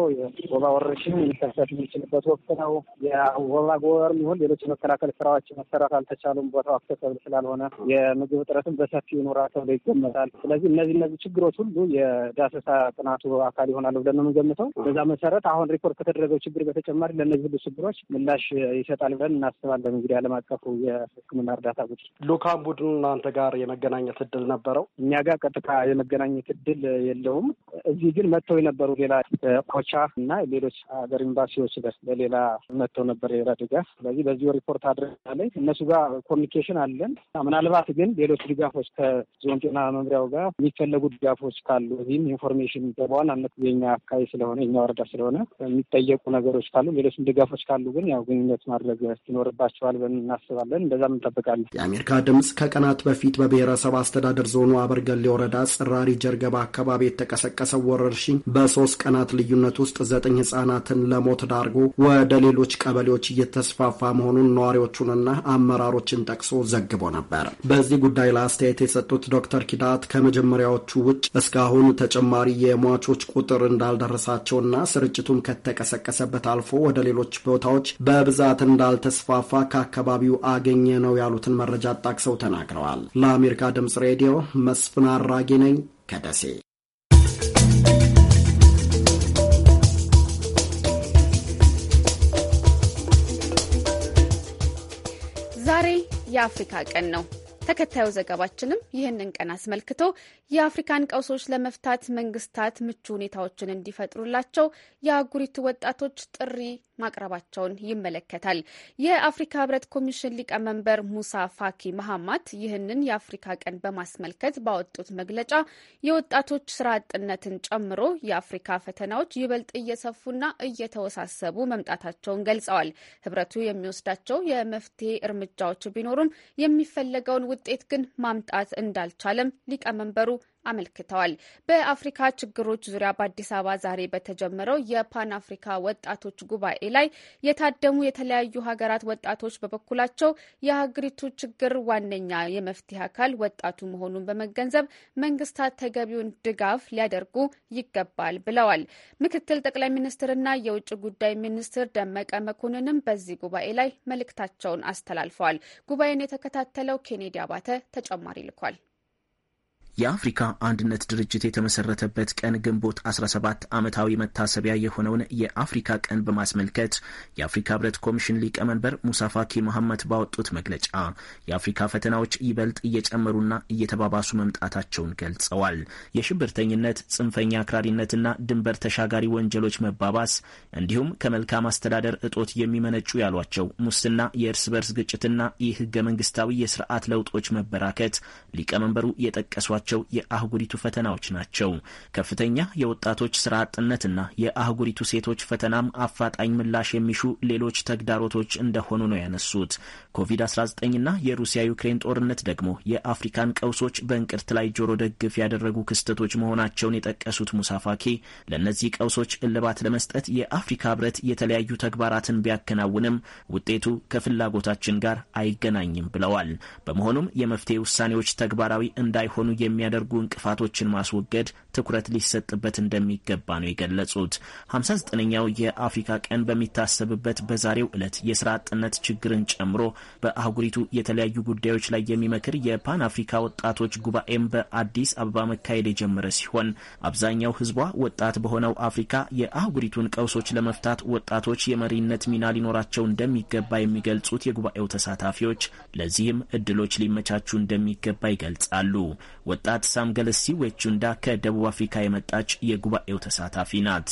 Speaker 8: ወባ ወረርሽኝ ሊከሰት የሚችልበት ወቅት ነው። የወባ ጎበር ይሁን ሌሎች መከላከል ስራዎች መሰራት አልተቻሉም። ቦታው አክሰሰብል ስላልሆነ የምግብ እጥረትም በሰፊው ይኖራል ተብሎ ይገመታል። ስለዚህ እነዚህ እነዚህ ችግሮች ሁሉ የዳሰሳ ጥናቱ አካል ይሆናሉ ብለን ነው የምንገምተው። በዛ መሰረት አሁን ሪፖርት ከተደረገው ችግር በተጨማሪ ለእነዚህ ሁሉ ችግሮች ምላሽ ይሰጣል ብለን እናስባለን። እንግዲህ ዓለም አቀፉ የሕክምና እርዳታ ቡድን ልዑካን ቡድኑ እናንተ ጋር የመገናኘት እድል ነበረው? እኛ ጋር ቀጥታ የመገናኘት እድል የለውም። እዚህ ግን መጥተው የነበሩ ሌላ ኮቻ እና ሌሎች ሀገር ኤምባሲዎች ለሌላ መጥተው ነበር የሌላ ድጋፍ። ስለዚህ በዚሁ ሪፖርት አድረጋ ላይ እነሱ ጋር ኮሚኒኬሽን አለን። ምናልባት ግን ሌሎች ድጋፎች ከዞን ጤና መምሪያው ጋር የሚፈለጉ ድጋፎች ካሉ እዚህም ኢንፎርሜሽን በዋናነት የኛ አካባቢ ስለሆነ የኛ ወረዳ ስለሆነ የሚጠየቁ ነገሮች ካሉ ሌሎችም ድጋፎች ካሉ ግን ያው ግንኙነት ማድረግ ይኖርባቸዋል ብለን እናስባለን። እንደዛም እንጠብቃለን። የአሜሪካ
Speaker 9: ድምጽ ከቀናት በፊት በብሔረሰብ አስተዳደር ዞኑ አበርገሌ ወረዳ ጽራሪ ጀርገባ አካባቢ የተቀሰቀሰው ወረርሽኝ በሶስት ቀናት ልዩነት ውስጥ ዘጠኝ ህጻናትን ለሞት ዳርጎ ወደ ሌሎች ቀበሌዎች እየተስፋፋ መሆኑን ነዋሪዎቹንና አመራሮችን ጠቅሶ ዘግቧል። ነበር። በዚህ ጉዳይ ላይ አስተያየት የሰጡት ዶክተር ኪዳት ከመጀመሪያዎቹ ውጭ እስካሁን ተጨማሪ የሟቾች ቁጥር እንዳልደረሳቸውና ስርጭቱም ከተቀሰቀሰበት አልፎ ወደ ሌሎች ቦታዎች በብዛት እንዳልተስፋፋ ከአካባቢው አገኘ ነው ያሉትን መረጃ ጣቅሰው ተናግረዋል። ለአሜሪካ ድምጽ ሬዲዮ መስፍን አራጌ ነኝ ከደሴ።
Speaker 1: የአፍሪካ ቀን ነው። ተከታዩ ዘገባችንም ይህንን ቀን አስመልክቶ የአፍሪካን ቀውሶች ለመፍታት መንግስታት ምቹ ሁኔታዎችን እንዲፈጥሩላቸው የአህጉሪቱ ወጣቶች ጥሪ ማቅረባቸውን ይመለከታል። የአፍሪካ ህብረት ኮሚሽን ሊቀመንበር ሙሳ ፋኪ መሐማት ይህንን የአፍሪካ ቀን በማስመልከት ባወጡት መግለጫ የወጣቶች ስራ አጥነትን ጨምሮ የአፍሪካ ፈተናዎች ይበልጥ እየሰፉና እየተወሳሰቡ መምጣታቸውን ገልጸዋል። ህብረቱ የሚወስዳቸው የመፍትሄ እርምጃዎች ቢኖሩም የሚፈለገውን ውጤት ግን ማምጣት እንዳልቻለም ሊቀመንበሩ አመልክተዋል። በአፍሪካ ችግሮች ዙሪያ በአዲስ አበባ ዛሬ በተጀመረው የፓን አፍሪካ ወጣቶች ጉባኤ ላይ የታደሙ የተለያዩ ሀገራት ወጣቶች በበኩላቸው የሀገሪቱ ችግር ዋነኛ የመፍትሄ አካል ወጣቱ መሆኑን በመገንዘብ መንግስታት ተገቢውን ድጋፍ ሊያደርጉ ይገባል ብለዋል። ምክትል ጠቅላይ ሚኒስትርና የውጭ ጉዳይ ሚኒስትር ደመቀ መኮንንም በዚህ ጉባኤ ላይ መልእክታቸውን አስተላልፈዋል። ጉባኤን የተከታተለው ኬኔዲ አባተ ተጨማሪ ልኳል።
Speaker 10: የአፍሪካ አንድነት ድርጅት የተመሰረተበት ቀን ግንቦት 17 ዓመታዊ መታሰቢያ የሆነውን የአፍሪካ ቀን በማስመልከት የአፍሪካ ህብረት ኮሚሽን ሊቀመንበር ሙሳፋኪ መሐመድ ባወጡት መግለጫ የአፍሪካ ፈተናዎች ይበልጥ እየጨመሩና እየተባባሱ መምጣታቸውን ገልጸዋል። የሽብርተኝነት፣ ጽንፈኛ አክራሪነትና ድንበር ተሻጋሪ ወንጀሎች መባባስ እንዲሁም ከመልካም አስተዳደር እጦት የሚመነጩ ያሏቸው ሙስና፣ የእርስ በርስ ግጭትና የህገ መንግስታዊ የስርዓት ለውጦች መበራከት ሊቀመንበሩ የጠቀሷቸው ያሏቸው የአህጉሪቱ ፈተናዎች ናቸው። ከፍተኛ የወጣቶች ስራ አጥነትና የአህጉሪቱ ሴቶች ፈተናም አፋጣኝ ምላሽ የሚሹ ሌሎች ተግዳሮቶች እንደሆኑ ነው ያነሱት። ኮቪድ-19ና የሩሲያ ዩክሬን ጦርነት ደግሞ የአፍሪካን ቀውሶች በእንቅርት ላይ ጆሮ ደግፍ ያደረጉ ክስተቶች መሆናቸውን የጠቀሱት ሙሳፋኪ ለእነዚህ ቀውሶች እልባት ለመስጠት የአፍሪካ ህብረት የተለያዩ ተግባራትን ቢያከናውንም ውጤቱ ከፍላጎታችን ጋር አይገናኝም ብለዋል። በመሆኑም የመፍትሄ ውሳኔዎች ተግባራዊ እንዳይሆኑ የሚ የሚያደርጉ እንቅፋቶችን ማስወገድ ትኩረት ሊሰጥበት እንደሚገባ ነው የገለጹት። 59ኛው የአፍሪካ ቀን በሚታሰብበት በዛሬው ዕለት የስራ አጥነት ችግርን ጨምሮ በአህጉሪቱ የተለያዩ ጉዳዮች ላይ የሚመክር የፓን አፍሪካ ወጣቶች ጉባኤም በአዲስ አበባ መካሄድ የጀመረ ሲሆን አብዛኛው ህዝቧ ወጣት በሆነው አፍሪካ የአህጉሪቱን ቀውሶች ለመፍታት ወጣቶች የመሪነት ሚና ሊኖራቸው እንደሚገባ የሚገልጹት የጉባኤው ተሳታፊዎች ለዚህም እድሎች ሊመቻቹ እንደሚገባ ይገልጻሉ። ወጣት ሳምገለሲ ዌቹንዳ ከደቡብ አፍሪካ የመጣች የጉባኤው ተሳታፊ ናት።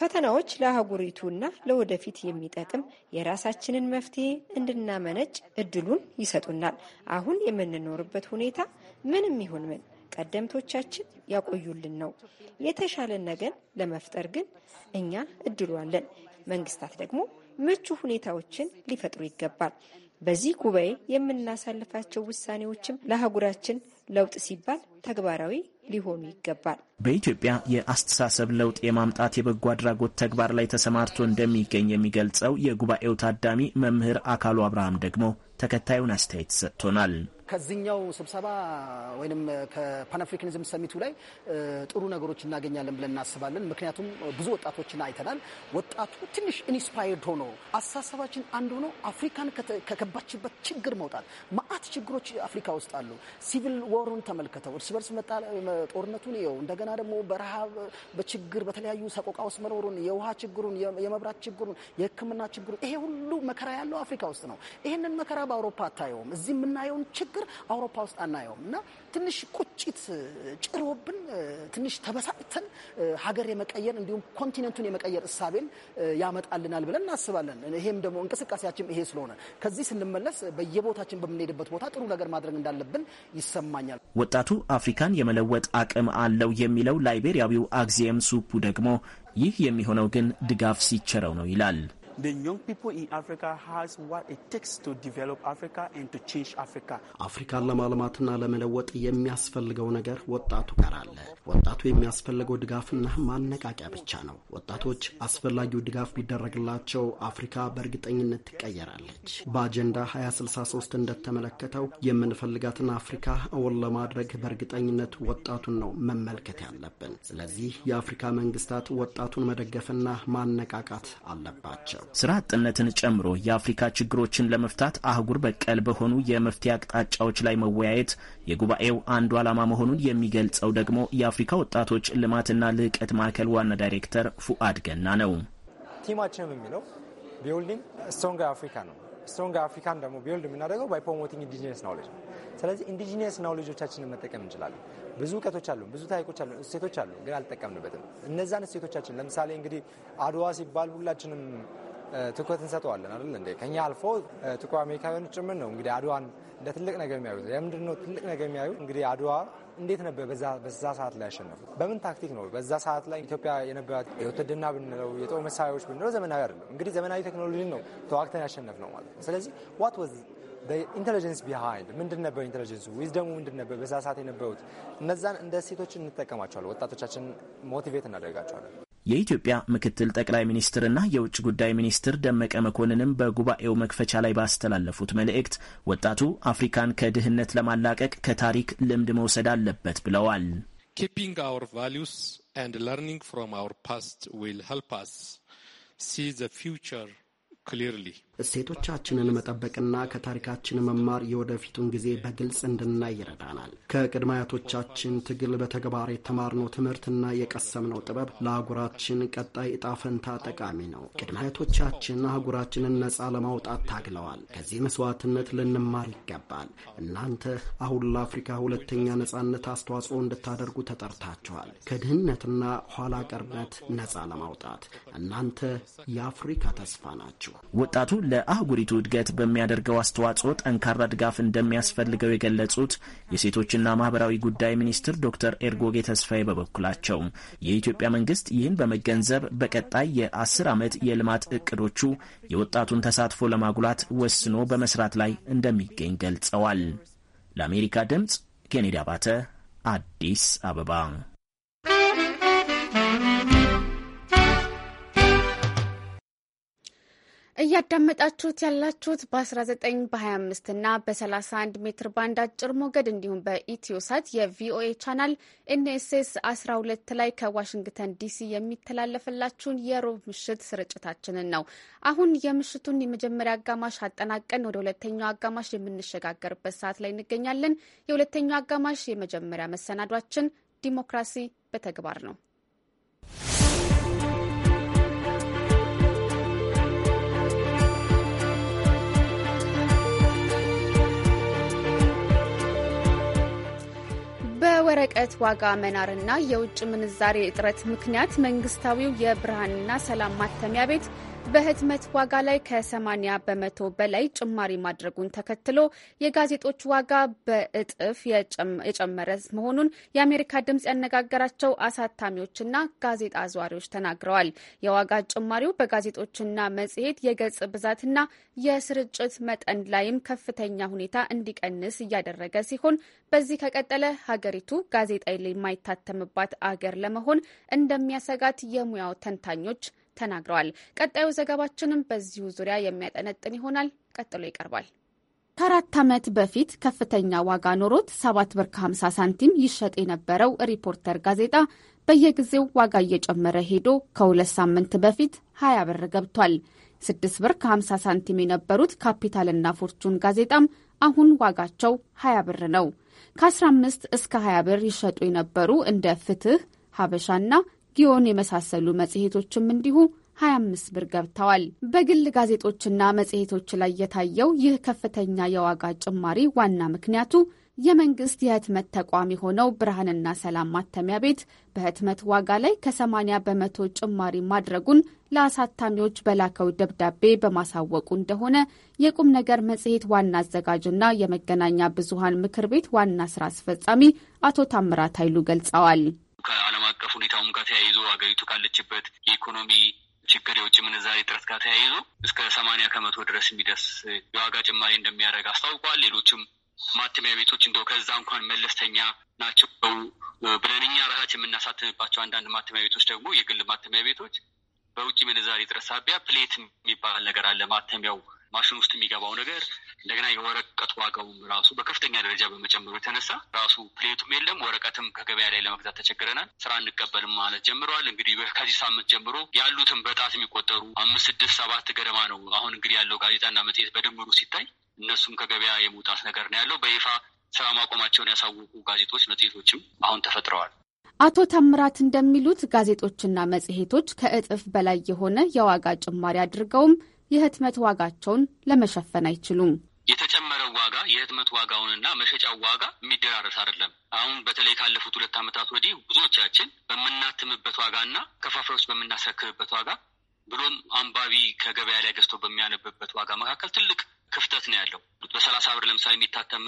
Speaker 7: ፈተናዎች ለአህጉሪቱና ለወደፊት የሚጠቅም የራሳችንን መፍትሄ እንድናመነጭ እድሉን ይሰጡናል። አሁን የምንኖርበት ሁኔታ ምንም ይሁን ምን ቀደምቶቻችን ያቆዩልን ነው። የተሻለ ነገር ለመፍጠር ግን እኛ እድሉ አለን። መንግስታት ደግሞ ምቹ ሁኔታዎችን ሊፈጥሩ ይገባል። በዚህ ጉባኤ የምናሳልፋቸው ውሳኔዎችም ለአህጉራችን ለውጥ ሲባል ተግባራዊ ሊሆኑ ይገባል።
Speaker 10: በኢትዮጵያ የአስተሳሰብ ለውጥ የማምጣት የበጎ አድራጎት ተግባር ላይ ተሰማርቶ እንደሚገኝ የሚገልጸው የጉባኤው ታዳሚ መምህር አካሉ አብርሃም ደግሞ ተከታዩን አስተያየት ሰጥቶናል።
Speaker 9: ከዚኛው ስብሰባ ወይም ከፓን አፍሪካኒዝም ሰሚቱ ላይ ጥሩ ነገሮች እናገኛለን ብለን እናስባለን። ምክንያቱም ብዙ ወጣቶችን አይተናል። ወጣቱ ትንሽ ኢንስፓየርድ ሆኖ አሳሰባችን አንድ ሆኖ አፍሪካን ከገባችበት ችግር መውጣት፣ ማአት ችግሮች አፍሪካ ውስጥ አሉ። ሲቪል ወሩን ተመልከተው፣ እርስ በርስ ጦርነቱን ይኸው፣ እንደገና ደግሞ በረሃብ በችግር በተለያዩ ሰቆቃ ውስጥ መኖሩን፣ የውሃ ችግሩን፣ የመብራት ችግሩን፣ የሕክምና ችግሩን፣ ይሄ ሁሉ መከራ ያለው አፍሪካ ውስጥ ነው። ይህንን መከራ በአውሮፓ አታየውም። እዚህ የምናየውን ችግር ጭምር አውሮፓ ውስጥ አናየውም እና ትንሽ ቁጭት ጭሮብን ትንሽ ተበሳጭተን ሀገር የመቀየር እንዲሁም ኮንቲኔንቱን የመቀየር እሳቤን ያመጣልናል ብለን እናስባለን። ይሄም ደግሞ እንቅስቃሴያችን ይሄ ስለሆነ ከዚህ ስንመለስ በየቦታችን በምንሄድበት ቦታ ጥሩ ነገር ማድረግ እንዳለብን ይሰማኛል።
Speaker 10: ወጣቱ አፍሪካን የመለወጥ አቅም አለው የሚለው ላይቤሪያዊው አግዚየም ሱፑ ደግሞ ይህ የሚሆነው ግን ድጋፍ ሲቸረው ነው ይላል።
Speaker 9: አፍሪካን ለማልማትና ለመለወጥ የሚያስፈልገው ነገር ወጣቱ ጋር አለ። ወጣቱ የሚያስፈልገው ድጋፍና ማነቃቂያ ብቻ ነው። ወጣቶች አስፈላጊው ድጋፍ ቢደረግላቸው አፍሪካ በእርግጠኝነት ትቀየራለች። በአጀንዳ 2063 እንደተመለከተው የምንፈልጋትን አፍሪካ እውን ለማድረግ በእርግጠኝነት ወጣቱን ነው መመልከት ያለብን። ስለዚህ የአፍሪካ መንግስታት ወጣቱን መደገፍና ማነቃቃት አለባቸው። ስራ
Speaker 10: አጥነትን ጨምሮ የአፍሪካ ችግሮችን ለመፍታት አህጉር በቀል በሆኑ የመፍትሄ አቅጣጫዎች ላይ መወያየት የጉባኤው አንዱ ዓላማ መሆኑን የሚገልጸው ደግሞ የአፍሪካ ወጣቶች ልማትና ልዕቀት ማዕከል ዋና ዳይሬክተር ፉአድ ገና ነው።
Speaker 3: ቲማችንም የሚለው ቢልዲንግ ስትሮንግ አፍሪካ ነው። ስትሮንግ አፍሪካን ደግሞ ቢልድ የምናደርገው ባይ ፕሮሞቲንግ ኢንዲጂነስ ናውሌጅ ነው። ስለዚህ ኢንዲጂነስ ናውሌጆቻችንን መጠቀም እንችላለን። ብዙ እውቀቶች አሉ፣ ብዙ ታሪኮች አሉ፣ እሴቶች አሉ፣ ግን አልጠቀምንበትም። እነዛን እሴቶቻችን ለምሳሌ እንግዲህ አድዋ ሲባል ሁላችንም ትኩረት እንሰጠዋለን አይደል እንዴ? ከኛ አልፎ ጥቁር አሜሪካውያን ጭምር ነው እንግዲህ አድዋን እንደ ትልቅ ነገር የሚያዩት። ለምንድን ነው ትልቅ ነገር የሚያዩት? እንግዲህ አድዋ እንዴት ነበር በዛ ሰዓት ላይ ያሸነፉ በምን ታክቲክ ነው? በዛ ሰዓት ላይ ኢትዮጵያ የነበራት የውትድና ብንለው የጦር መሳሪያዎች ብንለው ዘመናዊ አይደለም። እንግዲህ ዘመናዊ ቴክኖሎጂ ነው ተዋግተን ያሸነፍ ነው ማለት ነው። ስለዚህ ዋት ወዝ ኢንቴሊጀንስ ቢሃይንድ ምንድን ነበር? ኢንቴሊጀንሱ ዊዝ ደግሞ ምንድን ነበር? በዛ ሰዓት የነበሩት እነዛን እንደ ሴቶችን እንጠቀማቸዋለን። ወጣቶቻችን ሞቲቬት እናደርጋቸዋለን።
Speaker 10: የኢትዮጵያ ምክትል ጠቅላይ ሚኒስትርና የውጭ ጉዳይ ሚኒስትር ደመቀ መኮንንም በጉባኤው መክፈቻ ላይ ባስተላለፉት መልእክት ወጣቱ አፍሪካን ከድህነት ለማላቀቅ ከታሪክ ልምድ መውሰድ አለበት ብለዋል።
Speaker 3: ኪፒንግ አወር ቫሊዩስ ኤንድ ለርኒንግ ፍሮም አወር ፓስት ዊል ሄልፕ አስ ሲ ዘ ፊውቸር ክሊርሊ
Speaker 9: እሴቶቻችንን መጠበቅና ከታሪካችን መማር የወደፊቱን ጊዜ በግልጽ እንድናይ ይረዳናል። ከቅድመ አያቶቻችን ትግል በተግባር የተማርነው ትምህርትና የቀሰምነው ጥበብ ለአህጉራችን ቀጣይ እጣ ፈንታ ጠቃሚ ነው። ቅድመ አያቶቻችን አህጉራችንን ነፃ ለማውጣት ታግለዋል። ከዚህ መስዋዕትነት ልንማር ይገባል። እናንተ አሁን ለአፍሪካ ሁለተኛ ነፃነት አስተዋጽኦ እንድታደርጉ ተጠርታችኋል። ከድህነትና ኋላ ቀርነት ነፃ ለማውጣት እናንተ የአፍሪካ ተስፋ ናችሁ።
Speaker 10: ወጣቱ ለአህጉሪቱ እድገት በሚያደርገው አስተዋጽኦ ጠንካራ ድጋፍ እንደሚያስፈልገው የገለጹት የሴቶችና ማህበራዊ ጉዳይ ሚኒስትር ዶክተር ኤርጎጌ ተስፋዬ በበኩላቸው የኢትዮጵያ መንግስት ይህን በመገንዘብ በቀጣይ የአስር ዓመት የልማት እቅዶቹ የወጣቱን ተሳትፎ ለማጉላት ወስኖ በመስራት ላይ እንደሚገኝ ገልጸዋል። ለአሜሪካ ድምፅ ኬኔዲ አባተ አዲስ አበባ
Speaker 1: እያዳመጣችሁት ያላችሁት በ19 በ25 እና በ31 ሜትር ባንድ አጭር ሞገድ እንዲሁም በኢትዮሳት የቪኦኤ ቻናል ኤንኤስኤስ 12 ላይ ከዋሽንግተን ዲሲ የሚተላለፍላችሁን የሮብ ምሽት ስርጭታችንን ነው። አሁን የምሽቱን የመጀመሪያ አጋማሽ አጠናቀን ወደ ሁለተኛው አጋማሽ የምንሸጋገርበት ሰዓት ላይ እንገኛለን። የሁለተኛው አጋማሽ የመጀመሪያ መሰናዷችን ዲሞክራሲ በተግባር ነው። በወረቀት ዋጋ መናርና የውጭ ምንዛሬ እጥረት ምክንያት መንግስታዊው የብርሃንና ሰላም ማተሚያ ቤት በህትመት ዋጋ ላይ ከ80 በመቶ በላይ ጭማሪ ማድረጉን ተከትሎ የጋዜጦች ዋጋ በእጥፍ የጨመረ መሆኑን የአሜሪካ ድምጽ ያነጋገራቸው አሳታሚዎችና ጋዜጣ አዘዋሪዎች ተናግረዋል። የዋጋ ጭማሪው በጋዜጦችና መጽሔት የገጽ ብዛትና የስርጭት መጠን ላይም ከፍተኛ ሁኔታ እንዲቀንስ እያደረገ ሲሆን በዚህ ከቀጠለ ሀገሪቱ ጋዜጣ የማይታተምባት አገር ለመሆን እንደሚያሰጋት የሙያው ተንታኞች ተናግረዋል። ቀጣዩ ዘገባችንም በዚሁ ዙሪያ የሚያጠነጥን ይሆናል። ቀጥሎ ይቀርባል። ከአራት ዓመት በፊት ከፍተኛ ዋጋ ኖሮት ሰ7 ብር ከ50 ሳንቲም ይሸጥ የነበረው ሪፖርተር ጋዜጣ በየጊዜው ዋጋ እየጨመረ ሄዶ ከሁለት ሳምንት በፊት 20 ብር ገብቷል። ስድስት ብር ከ50 ሳንቲም የነበሩት ካፒታልና ፎርቹን ጋዜጣም አሁን ዋጋቸው 20 ብር ነው። ከ15 እስከ 20 ብር ይሸጡ የነበሩ እንደ ፍትህ፣ ሀበሻና ጊዮን የመሳሰሉ መጽሔቶችም እንዲሁ 25 ብር ገብተዋል። በግል ጋዜጦችና መጽሔቶች ላይ የታየው ይህ ከፍተኛ የዋጋ ጭማሪ ዋና ምክንያቱ የመንግስት የህትመት ተቋም የሆነው ብርሃንና ሰላም ማተሚያ ቤት በህትመት ዋጋ ላይ ከ80 በመቶ ጭማሪ ማድረጉን ለአሳታሚዎች በላከው ደብዳቤ በማሳወቁ እንደሆነ የቁም ነገር መጽሔት ዋና አዘጋጅና የመገናኛ ብዙሃን ምክር ቤት ዋና ስራ አስፈጻሚ አቶ ታምራት ኃይሉ ገልጸዋል። ከዓለም አቀፍ ሁኔታውም ጋር ተያይዞ ሀገሪቱ ካለችበት
Speaker 11: የኢኮኖሚ ችግር የውጭ ምንዛሬ ጥረት ጋር ተያይዞ እስከ ሰማኒያ ከመቶ ድረስ የሚደርስ የዋጋ ጭማሪ እንደሚያደርግ አስታውቋል። ሌሎችም ማተሚያ ቤቶች እንደው ከዛ እንኳን መለስተኛ ናቸው ብለን እኛ ራሳችን የምናሳትምባቸው አንዳንድ ማተሚያ ቤቶች ደግሞ የግል ማተሚያ ቤቶች በውጭ ምንዛሬ ጥረት ሳቢያ ፕሌት የሚባል ነገር አለ ማተሚያው ማሽን ውስጥ የሚገባው ነገር እንደገና የወረቀት ዋጋውም ራሱ በከፍተኛ ደረጃ በመጨመሩ የተነሳ ራሱ ፕሌቱም የለም፣ ወረቀትም ከገበያ ላይ ለመግዛት ተቸግረናል፣ ስራ እንቀበልም ማለት ጀምረዋል። እንግዲህ ከዚህ ሳምንት ጀምሮ ያሉትን በጣት የሚቆጠሩ አምስት ስድስት ሰባት ገደማ ነው አሁን እንግዲህ ያለው ጋዜጣና መጽሔት በድምሩ ሲታይ እነሱም ከገበያ የመውጣት ነገር ነው ያለው። በይፋ ስራ ማቆማቸውን ያሳወቁ ጋዜጦች መጽሔቶችም አሁን ተፈጥረዋል።
Speaker 1: አቶ ተምራት እንደሚሉት ጋዜጦችና መጽሔቶች ከእጥፍ በላይ የሆነ የዋጋ ጭማሪ አድርገውም የህትመት ዋጋቸውን ለመሸፈን አይችሉም።
Speaker 11: የተጨመረው ዋጋ የህትመት ዋጋውንና መሸጫው ዋጋ የሚደራረስ አይደለም። አሁን በተለይ ካለፉት ሁለት ዓመታት ወዲህ ብዙዎቻችን በምናትምበት ዋጋና ከፋፍሬዎች በምናስረክብበት ዋጋ ብሎም አንባቢ ከገበያ ላይ ገዝቶ በሚያነብበት ዋጋ መካከል ትልቅ ክፍተት ነው ያለው። በሰላሳ ብር ለምሳሌ የሚታተም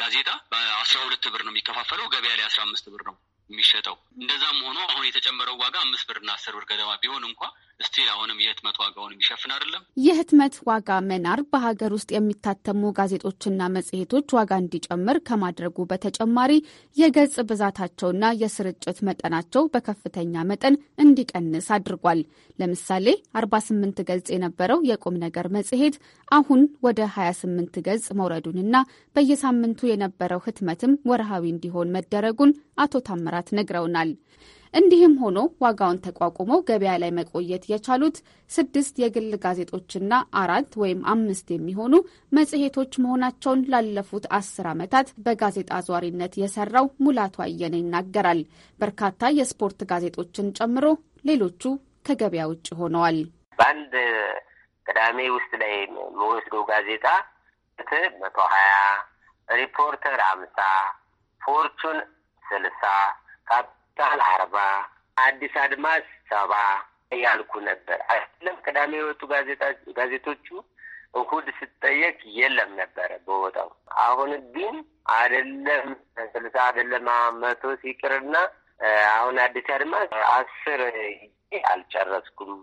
Speaker 11: ጋዜጣ በአስራ ሁለት ብር ነው የሚከፋፈለው፣ ገበያ ላይ አስራ አምስት ብር ነው የሚሸጠው። እንደዛም ሆኖ አሁን የተጨመረው ዋጋ አምስት ብርና አስር ብር ገደማ ቢሆን እንኳ እስቲ
Speaker 4: አሁንም የህትመት ዋጋውን የሚሸፍን አይደለም።
Speaker 1: የህትመት ዋጋ መናር በሀገር ውስጥ የሚታተሙ ጋዜጦችና መጽሔቶች ዋጋ እንዲጨምር ከማድረጉ በተጨማሪ የገጽ ብዛታቸውና የስርጭት መጠናቸው በከፍተኛ መጠን እንዲቀንስ አድርጓል። ለምሳሌ 48 ገጽ የነበረው የቁም ነገር መጽሔት አሁን ወደ 28 ገጽ መውረዱንና በየሳምንቱ የነበረው ህትመትም ወርሃዊ እንዲሆን መደረጉን አቶ ታምራት ነግረውናል። እንዲህም ሆኖ ዋጋውን ተቋቁመው ገበያ ላይ መቆየት የቻሉት ስድስት የግል ጋዜጦችና አራት ወይም አምስት የሚሆኑ መጽሔቶች መሆናቸውን ላለፉት አስር ዓመታት በጋዜጣ አዟሪነት የሰራው ሙላቱ አየነ ይናገራል። በርካታ የስፖርት ጋዜጦችን ጨምሮ ሌሎቹ ከገበያ ውጭ ሆነዋል።
Speaker 12: በአንድ ቅዳሜ ውስጥ ላይ የምወስደው ጋዜጣ መቶ ሀያ ሪፖርተር አምሳ ፎርቹን ስልሳ ሆስፒታል አርባ አዲስ አድማስ ሰባ እያልኩ ነበር። አይደለም ቅዳሜ የወጡ ጋዜጦቹ እሁድ ስጠየቅ የለም ነበረ በወጣው። አሁን ግን አይደለም ስልሳ አይደለም መቶ ሲቅርና አሁን አዲስ አድማስ አስር አልጨረስኩም።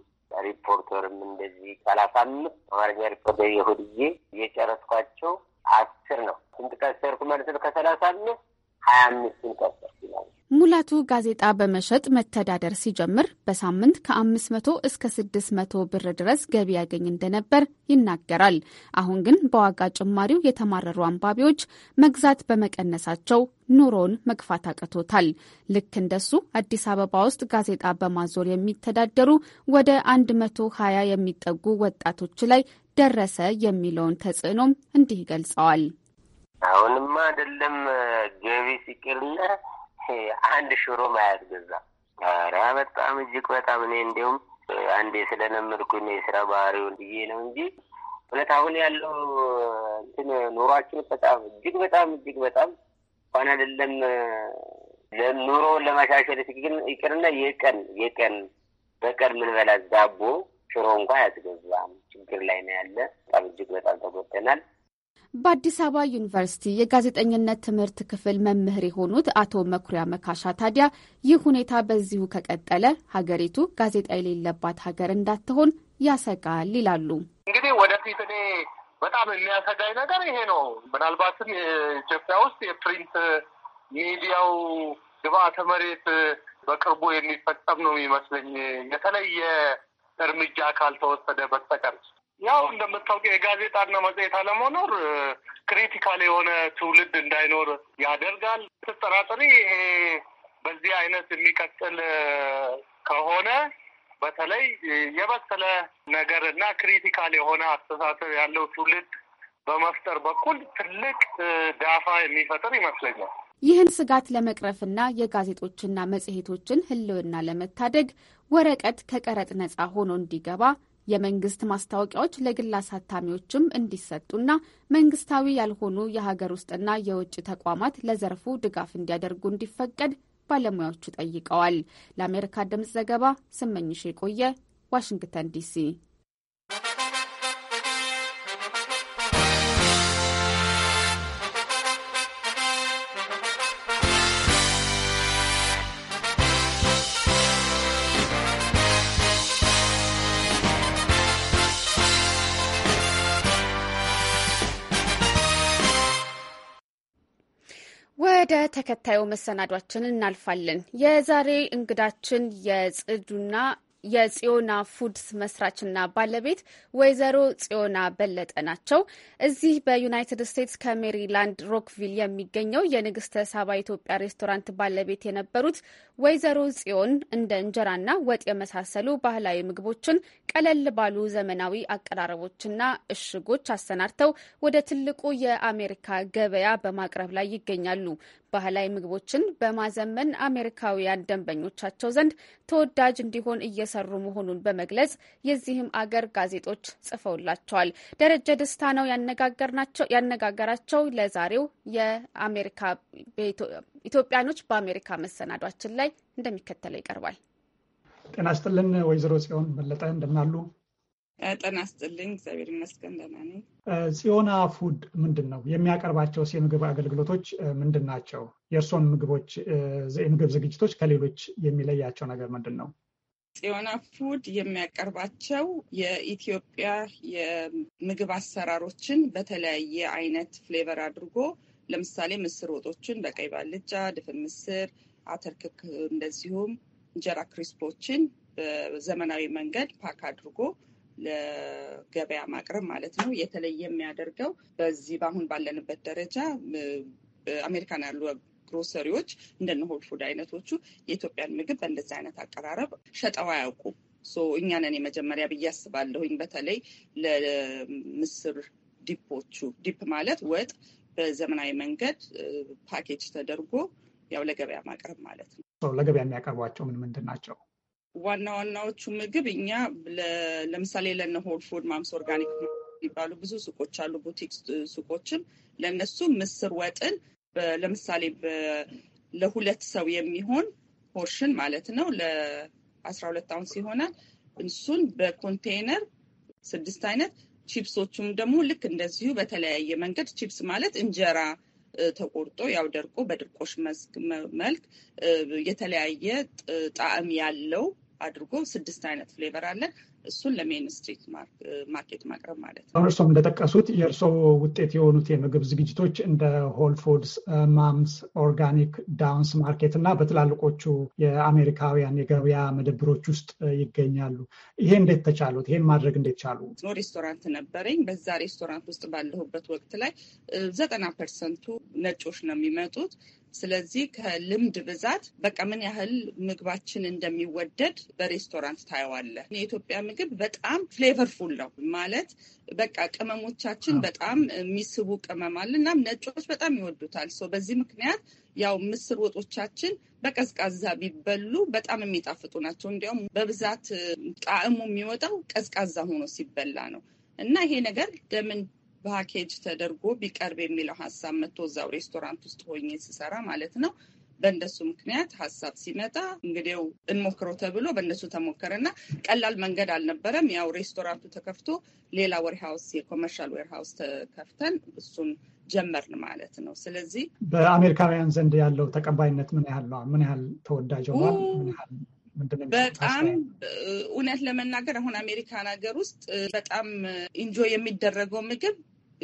Speaker 12: ሪፖርተርም እንደዚህ ሰላሳ አምስት አማርኛ ሪፖርተር የሁድዬ እየጨረስኳቸው አስር ነው። ስንት ከሰርኩ ማለት ነው ከሰላሳ አምስት ሀያ አምስቱን ቆጠር ይላል።
Speaker 1: ሙላቱ ጋዜጣ በመሸጥ መተዳደር ሲጀምር በሳምንት ከ500 እስከ 600 ብር ድረስ ገቢ ያገኝ እንደነበር ይናገራል። አሁን ግን በዋጋ ጭማሪው የተማረሩ አንባቢዎች መግዛት በመቀነሳቸው ኑሮውን መግፋት አቅቶታል። ልክ እንደሱ አዲስ አበባ ውስጥ ጋዜጣ በማዞር የሚተዳደሩ ወደ 120 መቶ የሚጠጉ ወጣቶች ላይ ደረሰ የሚለውን ተጽዕኖም እንዲህ ይገልጸዋል።
Speaker 12: አሁንማ አይደለም ገቢ ሲቅልና አንድ ሽሮ ማያት ገዛ። ኧረ በጣም እጅግ በጣም እኔ እንዲሁም አንዴ ስለለመድኩኝ የስራ ባህሪውን ብዬ ነው እንጂ እውነት አሁን ያለው እንትን ኑሯችን በጣም እጅግ በጣም እጅግ በጣም እንኳን አይደለም ኑሮውን ለማሻሻል ግን ይቅርና የቀን የቀን በቀን የምንበላት ዳቦ ሽሮ እንኳን አያስገዛም። ችግር ላይ ነው ያለ። በጣም እጅግ በጣም ተጎድተናል።
Speaker 1: በአዲስ አበባ ዩኒቨርሲቲ የጋዜጠኝነት ትምህርት ክፍል መምህር የሆኑት አቶ መኩሪያ መካሻ ታዲያ ይህ ሁኔታ በዚሁ ከቀጠለ ሀገሪቱ ጋዜጣ የሌለባት ሀገር እንዳትሆን ያሰጋል ይላሉ።
Speaker 4: እንግዲህ ወደፊት እኔ በጣም የሚያሰጋኝ ነገር ይሄ ነው። ምናልባትም ኢትዮጵያ ውስጥ የፕሪንት ሚዲያው ግብአተ መሬት በቅርቡ የሚፈጸም ነው የሚመስለኝ የተለየ እርምጃ ካልተወሰደ በስተቀር ያው እንደምታውቀው የጋዜጣና መጽሔት አለመኖር ክሪቲካል የሆነ ትውልድ እንዳይኖር ያደርጋል። ትጠራጥሪ ይሄ በዚህ አይነት የሚቀጥል ከሆነ በተለይ የበሰለ ነገር እና ክሪቲካል የሆነ አስተሳሰብ ያለው ትውልድ በመፍጠር በኩል ትልቅ ዳፋ የሚፈጥር ይመስለኛል።
Speaker 1: ይህን ስጋት ለመቅረፍና የጋዜጦችና መጽሔቶችን ሕልውና ለመታደግ ወረቀት ከቀረጥ ነጻ ሆኖ እንዲገባ የመንግስት ማስታወቂያዎች ለግል አሳታሚዎችም እንዲሰጡና መንግስታዊ ያልሆኑ የሀገር ውስጥና የውጭ ተቋማት ለዘርፉ ድጋፍ እንዲያደርጉ እንዲፈቀድ ባለሙያዎቹ ጠይቀዋል። ለአሜሪካ ድምፅ ዘገባ ስመኝሽ የቆየ ዋሽንግተን ዲሲ ተከታዩ መሰናዷችን እናልፋለን። የዛሬ እንግዳችን የጽዱና የጽዮና ፉድስ መስራችና ባለቤት ወይዘሮ ጽዮና በለጠ ናቸው። እዚህ በዩናይትድ ስቴትስ ከሜሪላንድ ሮክቪል የሚገኘው የንግስተ ሳባ ኢትዮጵያ ሬስቶራንት ባለቤት የነበሩት ወይዘሮ ጽዮን እንደ እንጀራና ወጥ የመሳሰሉ ባህላዊ ምግቦችን ቀለል ባሉ ዘመናዊ አቀራረቦችና እሽጎች አሰናድተው ወደ ትልቁ የአሜሪካ ገበያ በማቅረብ ላይ ይገኛሉ። ባህላዊ ምግቦችን በማዘመን አሜሪካውያን ደንበኞቻቸው ዘንድ ተወዳጅ እንዲሆን እየሰ እየሰሩ መሆኑን በመግለጽ የዚህም አገር ጋዜጦች ጽፈውላቸዋል። ደረጀ ደስታ ነው ያነጋገራቸው። ለዛሬው የአሜሪካ ኢትዮጵያኖች በአሜሪካ መሰናዷችን ላይ እንደሚከተለው ይቀርባል።
Speaker 2: ጤና ስጥልን ወይዘሮ ጽዮን በለጠ እንደምናሉ?
Speaker 13: ጤና ስጥልኝ እግዚአብሔር ይመስገን ደህና ነኝ።
Speaker 2: ጽዮና ፉድ ምንድን ነው የሚያቀርባቸው የምግብ አገልግሎቶች ምንድን ናቸው? የእርስዎን ምግቦች የምግብ ዝግጅቶች ከሌሎች የሚለያቸው ነገር ምንድን ነው?
Speaker 13: ጽዮና ፉድ የሚያቀርባቸው የኢትዮጵያ የምግብ አሰራሮችን በተለያየ አይነት ፍሌቨር አድርጎ ለምሳሌ ምስር ወጦችን በቀይ ባልጫ፣ ድፍን ምስር፣ አተርክክ እንደዚሁም እንጀራ ክሪስፖችን በዘመናዊ መንገድ ፓክ አድርጎ ለገበያ ማቅረብ ማለት ነው። የተለየ የሚያደርገው በዚህ በአሁን ባለንበት ደረጃ አሜሪካን ያሉ ግሮሰሪዎች እንደነ ፉድ አይነቶቹ የኢትዮጵያን ምግብ በእንደዚ አይነት አቀራረብ ሸጠው አያውቁም። እኛንን የመጀመሪያ ብዬ አስባለሁኝ። በተለይ ለምስር ዲፖቹ ዲፕ ማለት ወጥ በዘመናዊ መንገድ ፓኬጅ ተደርጎ ያው ለገበያ ማቅረብ ማለት
Speaker 2: ነው። ለገበያ የሚያቀርቧቸው ምን ምንድን ናቸው?
Speaker 13: ዋና ዋናዎቹ ምግብ እኛ ለምሳሌ ለነ ፉድ ማምስ ኦርጋኒክ የሚባሉ ብዙ ሱቆች አሉ፣ ቡቲክ ሱቆችም ለእነሱ ምስር ወጥን ለምሳሌ ለሁለት ሰው የሚሆን ፖርሽን ማለት ነው ለአስራ ሁለት አውንስ ይሆናል። እሱን በኮንቴይነር ስድስት አይነት ቺፕሶቹም ደግሞ ልክ እንደዚሁ በተለያየ መንገድ ቺፕስ ማለት እንጀራ ተቆርጦ ያው ደርቆ በድርቆሽ መልክ የተለያየ ጣዕም ያለው አድርጎ ስድስት አይነት ፍሌቨር አለን። እሱን ለሜን ስትሪት ማርኬት ማቅረብ ማለት
Speaker 2: ነው። እርሶም እንደጠቀሱት የእርሶ ውጤት የሆኑት የምግብ ዝግጅቶች እንደ ሆል ፉድስ፣ ማምስ፣ ኦርጋኒክ፣ ዳውንስ ማርኬት እና በትላልቆቹ የአሜሪካውያን የገበያ መደብሮች ውስጥ ይገኛሉ። ይሄ እንዴት ተቻሉት?
Speaker 6: ይሄን ማድረግ እንዴት ቻሉ?
Speaker 13: ሬስቶራንት ነበረኝ። በዛ ሬስቶራንት ውስጥ ባለሁበት ወቅት ላይ ዘጠና ፐርሰንቱ ነጮች ነው የሚመጡት ስለዚህ ከልምድ ብዛት በቃ ምን ያህል ምግባችን እንደሚወደድ በሬስቶራንት ታየዋለህ። የኢትዮጵያ ምግብ በጣም ፍሌቨርፉል ነው ማለት በቃ ቅመሞቻችን በጣም የሚስቡ ቅመም አለ። እናም ነጮች በጣም ይወዱታል። ሰው በዚህ ምክንያት ያው ምስር ወጦቻችን በቀዝቃዛ ቢበሉ በጣም የሚጣፍጡ ናቸው። እንዲያውም በብዛት ጣዕሙ የሚወጣው ቀዝቃዛ ሆኖ ሲበላ ነው እና ይሄ ነገር ለምን በሀኬጅ ተደርጎ ቢቀርብ የሚለው ሀሳብ መጥቶ እዛው ሬስቶራንት ውስጥ ሆኜ ስሰራ ማለት ነው። በእንደሱ ምክንያት ሀሳብ ሲመጣ እንግዲው እንሞክረው ተብሎ በእነሱ ተሞከረና ቀላል መንገድ አልነበረም። ያው ሬስቶራንቱ ተከፍቶ ሌላ ዌርሃውስ የኮመርሻል ዌርሃውስ ተከፍተን እሱን ጀመርን ማለት ነው። ስለዚህ
Speaker 2: በአሜሪካውያን ዘንድ ያለው ተቀባይነት ምን ያህል ነው? ምን ያህል
Speaker 6: ተወዳጅ ሆኗል? ምን ያህል በጣም
Speaker 13: እውነት ለመናገር አሁን አሜሪካን ሀገር ውስጥ በጣም ኢንጆይ የሚደረገው ምግብ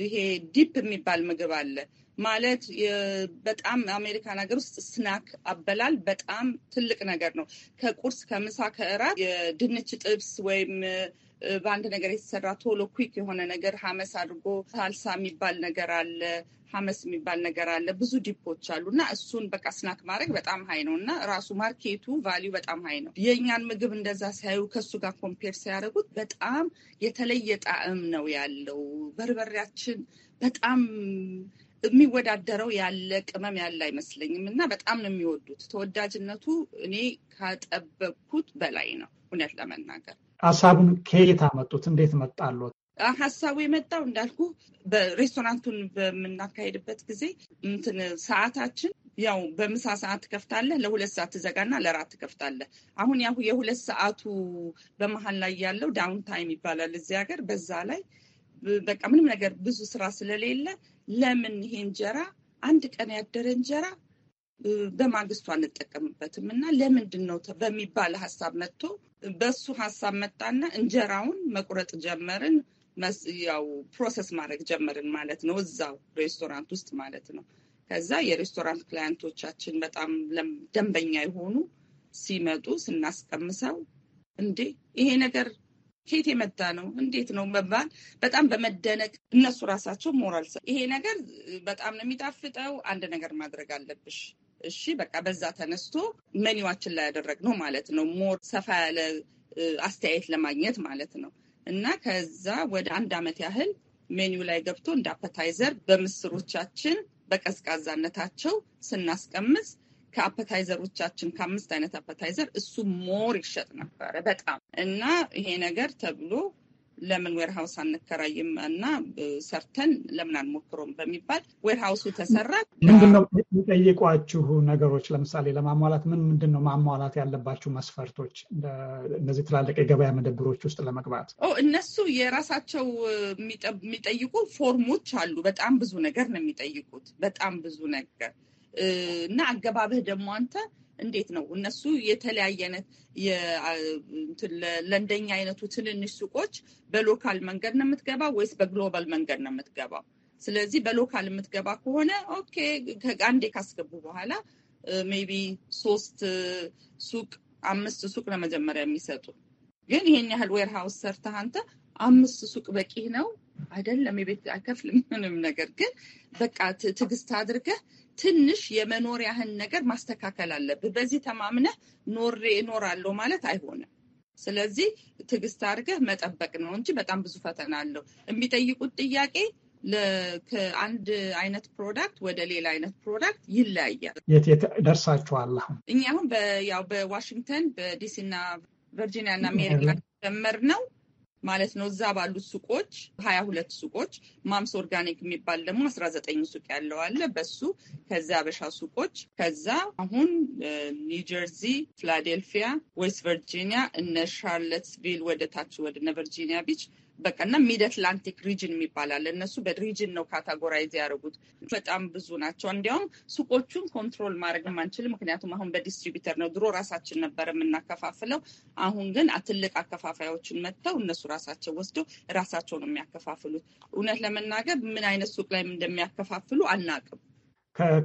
Speaker 13: ይሄ ዲፕ የሚባል ምግብ አለ ማለት በጣም አሜሪካን ሀገር ውስጥ ስናክ አበላል በጣም ትልቅ ነገር ነው። ከቁርስ ከምሳ፣ ከእራት የድንች ጥብስ ወይም በአንድ ነገር የተሰራ ቶሎ ኩክ የሆነ ነገር ሀመስ አድርጎ ሳልሳ የሚባል ነገር አለ። ሀመስ የሚባል ነገር አለ። ብዙ ዲፖች አሉ እና እሱን በቃ ስናክ ማድረግ በጣም ሀይ ነው እና ራሱ ማርኬቱ ቫሊዩ በጣም ሀይ ነው። የእኛን ምግብ እንደዛ ሲያዩ ከሱ ጋር ኮምፔር ሲያደርጉት በጣም የተለየ ጣዕም ነው ያለው። በርበሬያችን በጣም የሚወዳደረው ያለ ቅመም ያለ አይመስለኝም እና በጣም ነው የሚወዱት። ተወዳጅነቱ እኔ ካጠበቅኩት በላይ ነው እውነት ለመናገር።
Speaker 2: ሀሳቡን ከየት አመጡት? እንዴት መጣሉ?
Speaker 13: ሀሳቡ የመጣው እንዳልኩ በሬስቶራንቱን በምናካሄድበት ጊዜ እንትን ሰዓታችን ያው በምሳ ሰዓት ትከፍታለህ፣ ለሁለት ሰዓት ትዘጋና ለራት ትከፍታለህ። አሁን ያሁ የሁለት ሰዓቱ በመሀል ላይ ያለው ዳውን ታይም ይባላል እዚህ ሀገር። በዛ ላይ በቃ ምንም ነገር ብዙ ስራ ስለሌለ ለምን ይሄ እንጀራ አንድ ቀን ያደረ እንጀራ በማግስቱ አንጠቀምበትም እና ለምንድን ነው በሚባል ሀሳብ መጥቶ በሱ ሀሳብ መጣና እንጀራውን መቁረጥ ጀመርን። ያው ፕሮሰስ ማድረግ ጀመርን ማለት ነው። እዛው ሬስቶራንት ውስጥ ማለት ነው። ከዛ የሬስቶራንት ክላያንቶቻችን በጣም ደንበኛ የሆኑ ሲመጡ ስናስቀምሰው እንዴ ይሄ ነገር ከየት የመጣ ነው እንዴት ነው መባል በጣም በመደነቅ እነሱ ራሳቸው ሞራል ይሄ ነገር በጣም ነው የሚጣፍጠው፣ አንድ ነገር ማድረግ አለብሽ። እሺ በቃ በዛ ተነስቶ መኒዋችን ላይ ያደረግነው ማለት ነው ሞር ሰፋ ያለ አስተያየት ለማግኘት ማለት ነው። እና ከዛ ወደ አንድ ዓመት ያህል ሜኒው ላይ ገብቶ እንደ አፐታይዘር በምስሮቻችን በቀዝቃዛነታቸው ስናስቀምስ ከአፐታይዘሮቻችን ከአምስት አይነት አፐታይዘር እሱ ሞር ይሸጥ ነበረ በጣም እና ይሄ ነገር ተብሎ ለምን ዌርሃውስ አንከራይም እና ሰርተን ለምን አንሞክሮም በሚባል ዌርሃውሱ ተሰራ።
Speaker 2: ምንድነው የሚጠይቋችሁ ነገሮች? ለምሳሌ ለማሟላት ምን ምንድነው ማሟላት ያለባችሁ መስፈርቶች? እነዚህ ትላልቅ የገበያ መደብሮች ውስጥ ለመግባት
Speaker 13: እነሱ የራሳቸው የሚጠይቁ ፎርሞች አሉ። በጣም ብዙ ነገር ነው የሚጠይቁት። በጣም ብዙ ነገር እና አገባብህ ደግሞ አንተ እንዴት ነው እነሱ የተለያየ አይነት ለእንደኛ አይነቱ ትንንሽ ሱቆች በሎካል መንገድ ነው የምትገባ ወይስ በግሎባል መንገድ ነው የምትገባው? ስለዚህ በሎካል የምትገባ ከሆነ ኦኬ፣ አንዴ ካስገቡ በኋላ ሜቢ ቢ ሶስት ሱቅ አምስት ሱቅ ለመጀመሪያ የሚሰጡ ግን ይሄን ያህል ዌርሃውስ ሰርተህ አንተ አምስት ሱቅ በቂህ ነው አይደለም። የቤት አይከፍልም ምንም ነገር ግን በቃ ትዕግስት አድርገህ ትንሽ የመኖሪያህን ነገር ማስተካከል አለብህ። በዚህ ተማምነህ ኖሬ እኖራለሁ ማለት አይሆንም። ስለዚህ ትዕግስት አድርገህ መጠበቅ ነው እንጂ በጣም ብዙ ፈተና አለው። የሚጠይቁት ጥያቄ ከአንድ አይነት ፕሮዳክት ወደ ሌላ አይነት ፕሮዳክት ይለያያል።
Speaker 2: የት የት ደርሳችኋል?
Speaker 13: እኛ አሁን ያው በዋሽንግተን በዲሲና ቨርጂኒያና ሜሪላንድ ጀመር ነው ማለት ነው። እዛ ባሉት ሱቆች ሀያ ሁለት ሱቆች ማምስ ኦርጋኒክ የሚባል ደግሞ አስራ ዘጠኝ ሱቅ ያለው አለ። በሱ ከዛ አበሻ ሱቆች ከዛ አሁን ኒውጀርዚ፣ ፊላዴልፊያ፣ ዌስት ቨርጂኒያ እነ ሻርለትስቪል ወደ ታች ወደ ቨርጂኒያ ቢች በቃ እና ሚድ አትላንቲክ ሪጅን የሚባላል እነሱ በሪጅን ነው ካታጎራይዝ ያደረጉት። በጣም ብዙ ናቸው። እንዲያውም ሱቆቹን ኮንትሮል ማድረግ ማንችል፣ ምክንያቱም አሁን በዲስትሪቢተር ነው። ድሮ ራሳችን ነበር የምናከፋፍለው። አሁን ግን ትልቅ አከፋፋዮችን መጥተው እነሱ ራሳቸው ወስደው ራሳቸው ነው የሚያከፋፍሉት። እውነት ለመናገር ምን አይነት ሱቅ ላይ እንደሚያከፋፍሉ
Speaker 2: አናቅም።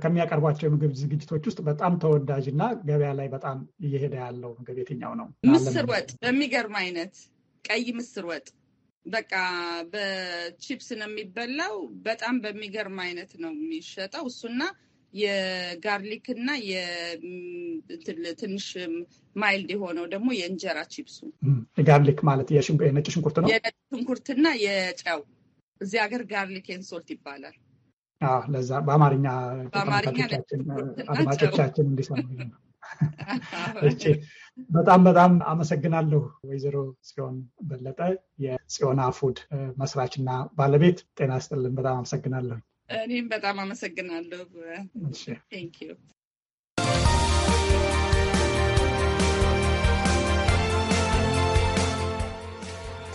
Speaker 2: ከሚያቀርቧቸው የምግብ ዝግጅቶች ውስጥ በጣም ተወዳጅ እና ገበያ ላይ በጣም እየሄደ ያለው ምግብ የትኛው ነው? ምስር
Speaker 13: ወጥ በሚገርም አይነት ቀይ ምስር ወጥ በቃ በቺፕስ ነው የሚበላው። በጣም በሚገርም አይነት ነው የሚሸጠው እሱና የጋርሊክ እና ትንሽ ማይልድ የሆነው ደግሞ የእንጀራ ቺፕሱ።
Speaker 2: ጋርሊክ ማለት የነጭ ሽንኩርት ነው። የነጭ
Speaker 13: ሽንኩርትና የጨው እዚህ ሀገር ጋርሊክ ኤንሶልት ይባላል።
Speaker 2: ለዛ በአማርኛ በአማርኛ አድማጮቻችን እንዲሰሙ ነው በጣም በጣም አመሰግናለሁ ወይዘሮ ጽዮን በለጠ የጽዮን አፉድ መስራችና ባለቤት። ጤና ስጥልን። በጣም አመሰግናለሁ።
Speaker 13: እኔም በጣም አመሰግናለሁ።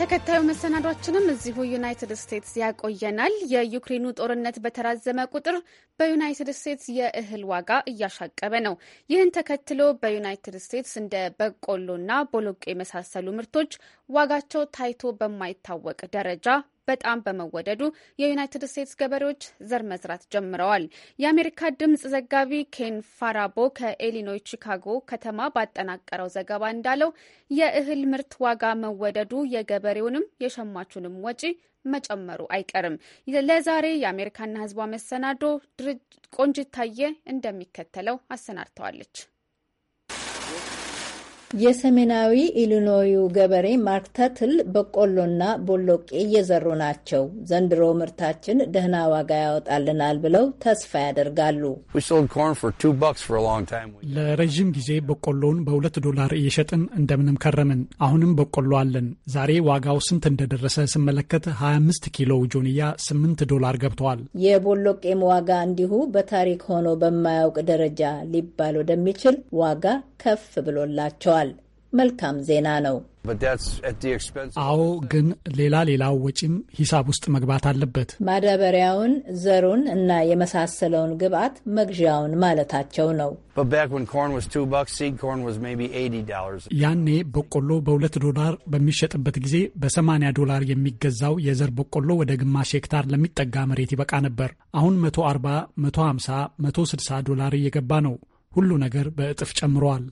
Speaker 1: ተከታዩ መሰናዷችንም እዚሁ ዩናይትድ ስቴትስ ያቆየናል። የዩክሬኑ ጦርነት በተራዘመ ቁጥር በዩናይትድ ስቴትስ የእህል ዋጋ እያሻቀበ ነው። ይህን ተከትሎ በዩናይትድ ስቴትስ እንደ በቆሎና ቦሎቄ የመሳሰሉ ምርቶች ዋጋቸው ታይቶ በማይታወቅ ደረጃ በጣም በመወደዱ የዩናይትድ ስቴትስ ገበሬዎች ዘር መዝራት ጀምረዋል። የአሜሪካ ድምፅ ዘጋቢ ኬን ፋራቦ ከኤሊኖይ ቺካጎ ከተማ ባጠናቀረው ዘገባ እንዳለው የእህል ምርት ዋጋ መወደዱ የገበሬውንም የሸማቹንም ወጪ መጨመሩ አይቀርም። ለዛሬ የአሜሪካና ሕዝቧ መሰናዶ ቆንጅታየ እንደሚከተለው አሰናድተዋለች።
Speaker 5: የሰሜናዊ ኢሊኖዩ ገበሬ ማርክ ተትል በቆሎና ቦሎቄ እየዘሩ ናቸው። ዘንድሮ ምርታችን ደህና ዋጋ ያወጣልናል ብለው ተስፋ ያደርጋሉ።
Speaker 4: ለረዥም ጊዜ
Speaker 2: በቆሎውን በሁለት ዶላር እየሸጥን እንደምንም ከረምን። አሁንም በቆሎ አለን። ዛሬ ዋጋው ስንት እንደደረሰ ስመለከት 25 ኪሎ ጆንያ 8 ዶላር ገብተዋል።
Speaker 5: የቦሎቄም ዋጋ እንዲሁ በታሪክ ሆኖ በማያውቅ ደረጃ ሊባል ወደሚችል ዋጋ ከፍ ብሎላቸዋል። መልካም ዜና ነው።
Speaker 3: አዎ፣
Speaker 2: ግን ሌላ ሌላው ወጪም ሂሳብ ውስጥ መግባት አለበት።
Speaker 5: ማዳበሪያውን፣ ዘሩን እና የመሳሰለውን ግብዓት መግዣውን ማለታቸው ነው።
Speaker 2: ያኔ በቆሎ በሁለት ዶላር በሚሸጥበት ጊዜ በ ዶላር የሚገዛው የዘር በቆሎ ወደ ግማሽ ሄክታር ለሚጠጋ መሬት ይበቃ ነበር። አሁን መቶ ሀምሳ መቶ 160 ዶላር እየገባ ነው። ሁሉ ነገር በእጥፍ ጨምረዋል።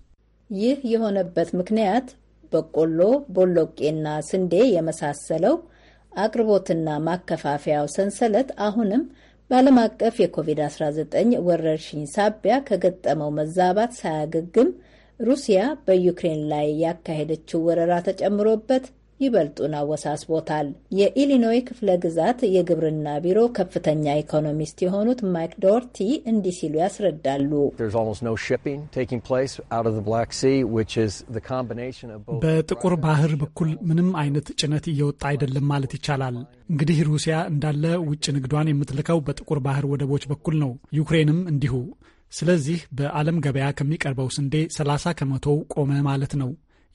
Speaker 5: ይህ የሆነበት ምክንያት በቆሎ፣ ቦሎቄና ስንዴ የመሳሰለው አቅርቦትና ማከፋፈያው ሰንሰለት አሁንም በዓለም አቀፍ የኮቪድ-19 ወረርሽኝ ሳቢያ ከገጠመው መዛባት ሳያገግም ሩሲያ በዩክሬን ላይ ያካሄደችው ወረራ ተጨምሮበት ይበልጡን አወሳስቦታል። የኢሊኖይ ክፍለ ግዛት የግብርና ቢሮ ከፍተኛ ኢኮኖሚስት የሆኑት ማይክ ዶርቲ እንዲህ ሲሉ
Speaker 4: ያስረዳሉ።
Speaker 2: በጥቁር ባህር በኩል ምንም አይነት ጭነት እየወጣ አይደለም ማለት ይቻላል። እንግዲህ ሩሲያ እንዳለ ውጭ ንግዷን የምትልከው በጥቁር ባህር ወደቦች በኩል ነው። ዩክሬንም እንዲሁ። ስለዚህ በዓለም ገበያ ከሚቀርበው ስንዴ 30 ከመቶው ቆመ ማለት ነው።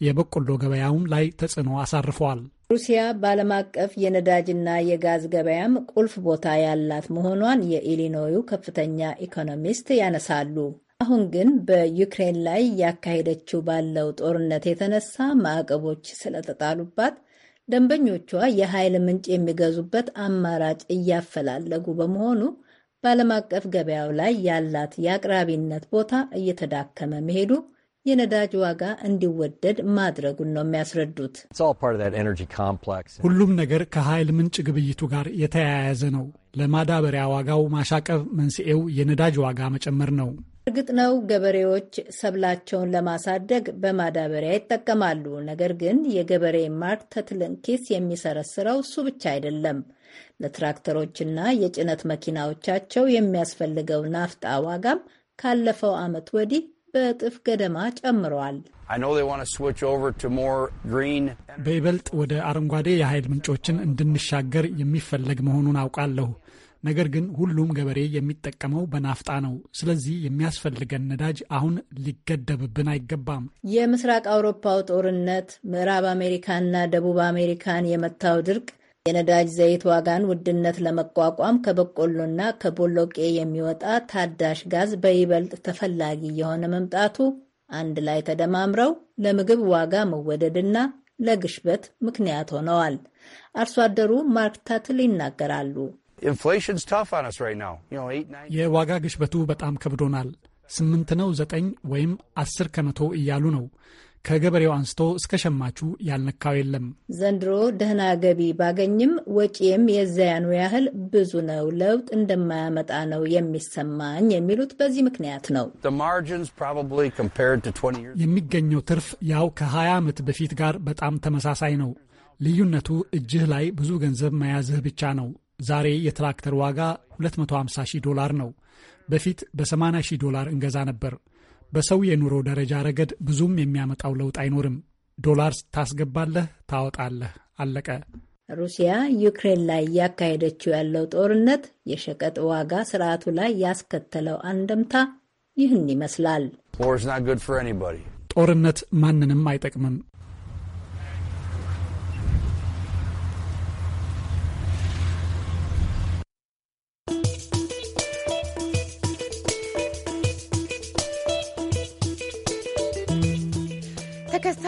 Speaker 2: የበቆሎ ገበያውም ላይ ተጽዕኖ አሳርፈዋል። ሩሲያ
Speaker 5: በዓለም አቀፍ የነዳጅና የጋዝ ገበያም ቁልፍ ቦታ ያላት መሆኗን የኢሊኖዩ ከፍተኛ ኢኮኖሚስት ያነሳሉ። አሁን ግን በዩክሬን ላይ ያካሄደችው ባለው ጦርነት የተነሳ ማዕቀቦች ስለተጣሉባት ደንበኞቿ የኃይል ምንጭ የሚገዙበት አማራጭ እያፈላለጉ በመሆኑ በዓለም አቀፍ ገበያው ላይ ያላት የአቅራቢነት ቦታ እየተዳከመ መሄዱ የነዳጅ ዋጋ እንዲወደድ ማድረጉን ነው
Speaker 4: የሚያስረዱት።
Speaker 2: ሁሉም ነገር ከኃይል ምንጭ ግብይቱ ጋር የተያያዘ ነው። ለማዳበሪያ ዋጋው ማሻቀብ መንስኤው የነዳጅ ዋጋ መጨመር ነው።
Speaker 5: እርግጥ ነው ገበሬዎች ሰብላቸውን ለማሳደግ በማዳበሪያ ይጠቀማሉ። ነገር ግን የገበሬ ማርተትልን ኪስ የሚሰረስረው እሱ ብቻ አይደለም። ለትራክተሮችና የጭነት መኪናዎቻቸው የሚያስፈልገው ናፍጣ ዋጋም ካለፈው ዓመት ወዲህ በእጥፍ ገደማ
Speaker 2: ጨምረዋል።
Speaker 3: በይበልጥ ወደ አረንጓዴ
Speaker 2: የኃይል ምንጮችን እንድንሻገር የሚፈለግ መሆኑን አውቃለሁ። ነገር ግን ሁሉም ገበሬ የሚጠቀመው በናፍጣ ነው። ስለዚህ የሚያስፈልገን ነዳጅ አሁን ሊገደብብን አይገባም።
Speaker 5: የምስራቅ አውሮፓው ጦርነት ምዕራብ አሜሪካና ደቡብ አሜሪካን የመታው ድርቅ የነዳጅ ዘይት ዋጋን ውድነት ለመቋቋም ከበቆሎና ከቦሎቄ የሚወጣ ታዳሽ ጋዝ በይበልጥ ተፈላጊ የሆነ መምጣቱ አንድ ላይ ተደማምረው ለምግብ ዋጋ መወደድና ለግሽበት ምክንያት ሆነዋል። አርሶ አደሩ ማርክ ታትል ይናገራሉ።
Speaker 2: የዋጋ ግሽበቱ በጣም ከብዶናል። ስምንት ነው ዘጠኝ ወይም አስር ከመቶ እያሉ ነው። ከገበሬው አንስቶ እስከ ሸማቹ ያልነካው የለም።
Speaker 5: ዘንድሮ ደህና ገቢ ባገኝም ወጪም የዚያኑ ያህል ብዙ ነው። ለውጥ እንደማያመጣ ነው የሚሰማኝ የሚሉት በዚህ ምክንያት
Speaker 4: ነው።
Speaker 2: የሚገኘው ትርፍ ያው ከ20 ዓመት በፊት ጋር በጣም ተመሳሳይ ነው። ልዩነቱ እጅህ ላይ ብዙ ገንዘብ መያዝህ ብቻ ነው። ዛሬ የትራክተር ዋጋ 250 ሺህ ዶላር ነው። በፊት በ80 ሺህ ዶላር እንገዛ ነበር። በሰው የኑሮ ደረጃ ረገድ ብዙም የሚያመጣው ለውጥ አይኖርም። ዶላር ታስገባለህ፣ ታወጣለህ፣ አለቀ።
Speaker 5: ሩሲያ ዩክሬን ላይ እያካሄደችው ያለው ጦርነት የሸቀጥ ዋጋ ስርዓቱ ላይ ያስከተለው አንድምታ ይህን ይመስላል።
Speaker 2: ጦርነት ማንንም አይጠቅምም።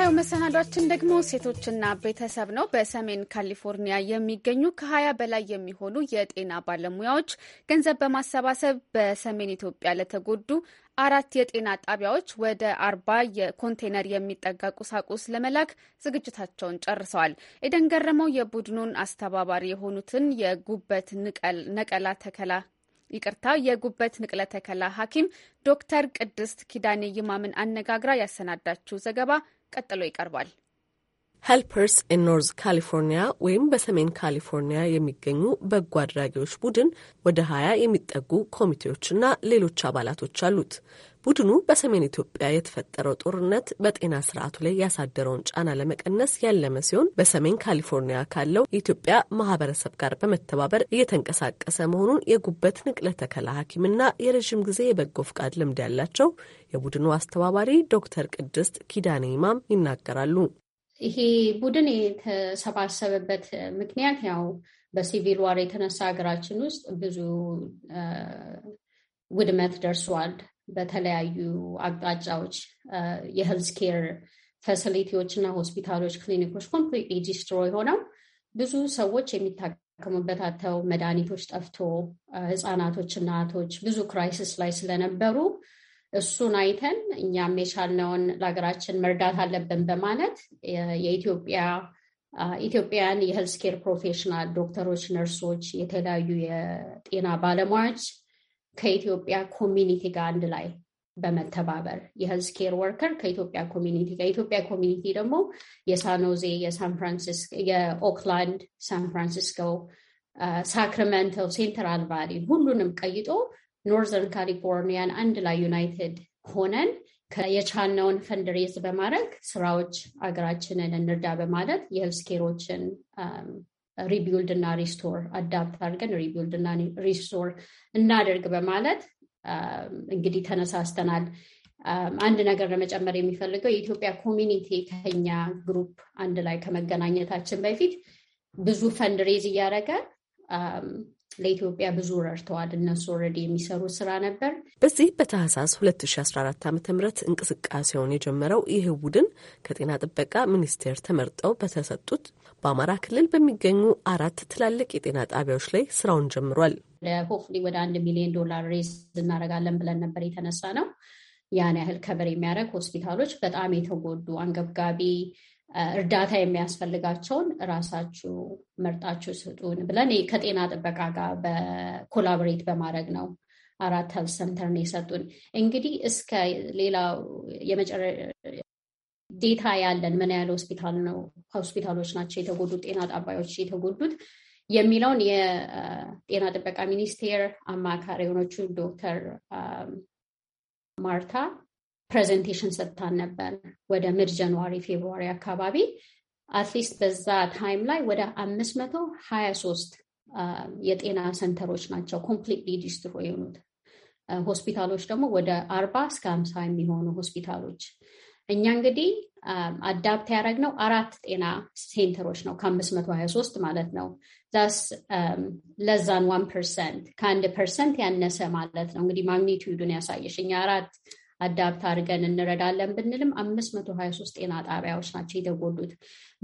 Speaker 1: ቀጣዩ መሰናዷችን ደግሞ ሴቶችና ቤተሰብ ነው። በሰሜን ካሊፎርኒያ የሚገኙ ከሀያ በላይ የሚሆኑ የጤና ባለሙያዎች ገንዘብ በማሰባሰብ በሰሜን ኢትዮጵያ ለተጎዱ አራት የጤና ጣቢያዎች ወደ አርባ የኮንቴነር የሚጠጋ ቁሳቁስ ለመላክ ዝግጅታቸውን ጨርሰዋል። ኤደን ገረመው የቡድኑን አስተባባሪ የሆኑትን የጉበት ነቀላ ተከላ ይቅርታ የጉበት ንቅለ ተከላ ሐኪም ዶክተር ቅድስት ኪዳኔ ይማምን አነጋግራ ያሰናዳችው ዘገባ ቀጥሎ ይቀርባል።
Speaker 5: ሄልፐርስ ኢን ኖርዝ ካሊፎርኒያ ወይም በሰሜን ካሊፎርኒያ የሚገኙ በጎ አድራጊዎች ቡድን ወደ ሀያ የሚጠጉ ኮሚቴዎችና ሌሎች አባላቶች አሉት። ቡድኑ በሰሜን ኢትዮጵያ የተፈጠረው ጦርነት በጤና ስርዓቱ ላይ ያሳደረውን ጫና ለመቀነስ ያለመ ሲሆን በሰሜን ካሊፎርኒያ ካለው የኢትዮጵያ ማህበረሰብ ጋር በመተባበር እየተንቀሳቀሰ መሆኑን የጉበት ንቅለ ተከላ ሐኪምና የረዥም ጊዜ የበጎ ፍቃድ ልምድ ያላቸው የቡድኑ አስተባባሪ ዶክተር
Speaker 9: ቅድስት ኪዳኔ ኢማም ይናገራሉ።
Speaker 14: ይሄ ቡድን የተሰባሰበበት ምክንያት ያው በሲቪል ዋር የተነሳ ሀገራችን ውስጥ ብዙ ውድመት ደርሷል። በተለያዩ አቅጣጫዎች የሄልዝ ኬር ፋሲሊቲዎች እና ሆስፒታሎች፣ ክሊኒኮች ኮምፕሊት ዲስትሮይ ሆነው ብዙ ሰዎች የሚታከሙበታተው መድኃኒቶች ጠፍቶ ህፃናቶች፣ እናቶች ብዙ ክራይሲስ ላይ ስለነበሩ እሱን አይተን እኛም የቻልነውን ለሀገራችን መርዳት አለብን በማለት የኢትዮጵያ ኢትዮጵያን የሄልስኬር ፕሮፌሽናል ዶክተሮች፣ ነርሶች፣ የተለያዩ የጤና ባለሙያዎች ከኢትዮጵያ ኮሚኒቲ ጋር አንድ ላይ በመተባበር የሄልዝ ኬር ወርከር ከኢትዮጵያ ኮሚኒቲ ጋር የኢትዮጵያ ኮሚኒቲ ደግሞ የሳኖዜ፣ የሳንፍራንሲስኮ፣ የኦክላንድ፣ ሳን ፍራንሲስኮ፣ ሳክራሜንቶ፣ ሴንትራል ቫሊ ሁሉንም ቀይጦ ኖርዘርን ካሊፎርኒያን አንድ ላይ ዩናይትድ ሆነን የቻናውን ፈንድሬዝ በማድረግ ስራዎች አገራችንን እንርዳ በማለት የሄልዝ ኬሮችን ሪቢውልድ እና ሪስቶር አዳፕት አድርገን ሪቢውልድ እና ሪስቶር እናደርግ በማለት እንግዲህ ተነሳስተናል። አንድ ነገር ለመጨመር የሚፈልገው የኢትዮጵያ ኮሚኒቲ ከኛ ግሩፕ አንድ ላይ ከመገናኘታችን በፊት ብዙ ፈንድሬዝ እያደረገ ለኢትዮጵያ ብዙ ረድተዋል። እነሱ ኦልሬዲ የሚሰሩት ስራ ነበር።
Speaker 5: በዚህ በታህሳስ 2014 ዓ ም እንቅስቃሴውን የጀመረው ይህ ቡድን ከጤና ጥበቃ ሚኒስቴር ተመርጠው በተሰጡት በአማራ ክልል በሚገኙ አራት ትላልቅ የጤና ጣቢያዎች ላይ ስራውን ጀምሯል።
Speaker 14: ሆፍሊ ወደ አንድ ሚሊዮን ዶላር ሬዝ እናደርጋለን ብለን ነበር የተነሳ ነው ያን ያህል ከበር የሚያደርግ ሆስፒታሎች በጣም የተጎዱ አንገብጋቢ እርዳታ የሚያስፈልጋቸውን እራሳችሁ መርጣችሁ ስጡን ብለን ከጤና ጥበቃ ጋር በኮላቦሬት በማድረግ ነው አራት ሄልት ሰንተርን የሰጡን። እንግዲህ እስከ ሌላው ዴታ ያለን ምን ያህል ሆስፒታል ነው ሆስፒታሎች ናቸው የተጎዱት ጤና ጣቢያዎች የተጎዱት የሚለውን የጤና ጥበቃ ሚኒስቴር አማካሪ የሆነችው ዶክተር ማርታ ፕሬዘንቴሽን ሰጥታን ነበር ወደ ምድ ጃንዋሪ ፌብሩዋሪ አካባቢ አትሊስት በዛ ታይም ላይ ወደ አምስት መቶ ሀያ ሶስት የጤና ሰንተሮች ናቸው ኮምፕሊት ዲስትሮይ የሆኑት። ሆስፒታሎች ደግሞ ወደ አርባ እስከ ሀምሳ የሚሆኑ ሆስፒታሎች እኛ እንግዲህ አዳፕት ያደረግነው አራት ጤና ሴንተሮች ነው ከአምስት መቶ ሀያ ሶስት ማለት ነው። ዛስ ለዛን ዋን ፐርሰንት ከአንድ ፐርሰንት ያነሰ ማለት ነው። እንግዲህ ማግኒቱዱን ያሳየሽ እኛ አራት አዳፕት አድርገን እንረዳለን ብንልም አምስት መቶ ሀያ ሶስት ጤና ጣቢያዎች ናቸው የተጎዱት።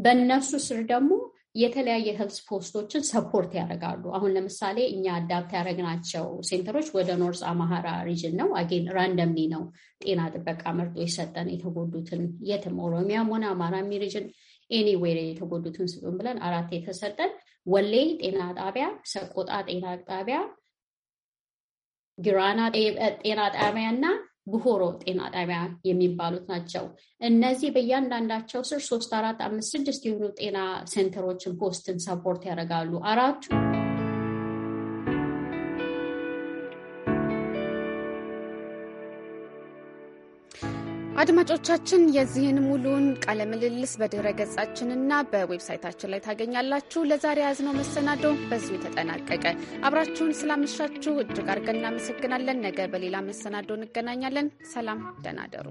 Speaker 14: በእነሱ ስር ደግሞ የተለያየ ህልስ ፖስቶችን ሰፖርት ያደርጋሉ። አሁን ለምሳሌ እኛ አዳፕት ያደረግናቸው ሴንተሮች ወደ ኖርዝ አማራ ሪጅን ነው። አጌን ራንደምሊ ነው ጤና ጥበቃ መርጦ የሰጠን የተጎዱትን የትም ኦሮሚያም ሆነ አማራሚ ሪጅን ኤኒዌይ የተጎዱትን ስጡን ብለን አራት የተሰጠን ወሌ ጤና ጣቢያ፣ ሰቆጣ ጤና ጣቢያ፣ ጊራና ጤና ጣቢያ እና ብሆሮ ጤና ጣቢያ የሚባሉት ናቸው። እነዚህ በእያንዳንዳቸው ስር ሶስት፣ አራት፣ አምስት፣ ስድስት የሆኑ ጤና ሴንተሮችን ፖስትን ሰፖርት ያደርጋሉ አራቱ
Speaker 1: አድማጮቻችን የዚህን ሙሉን ቃለ ምልልስ በድረ ገጻችንና በዌብሳይታችን ላይ ታገኛላችሁ። ለዛሬ ያዝነው መሰናዶ በዚሁ ተጠናቀቀ። አብራችሁን ስላመሻችሁ እጅግ አድርገን እናመሰግናለን። ነገ በሌላ መሰናዶ እንገናኛለን። ሰላም፣ ደህና ደሩ።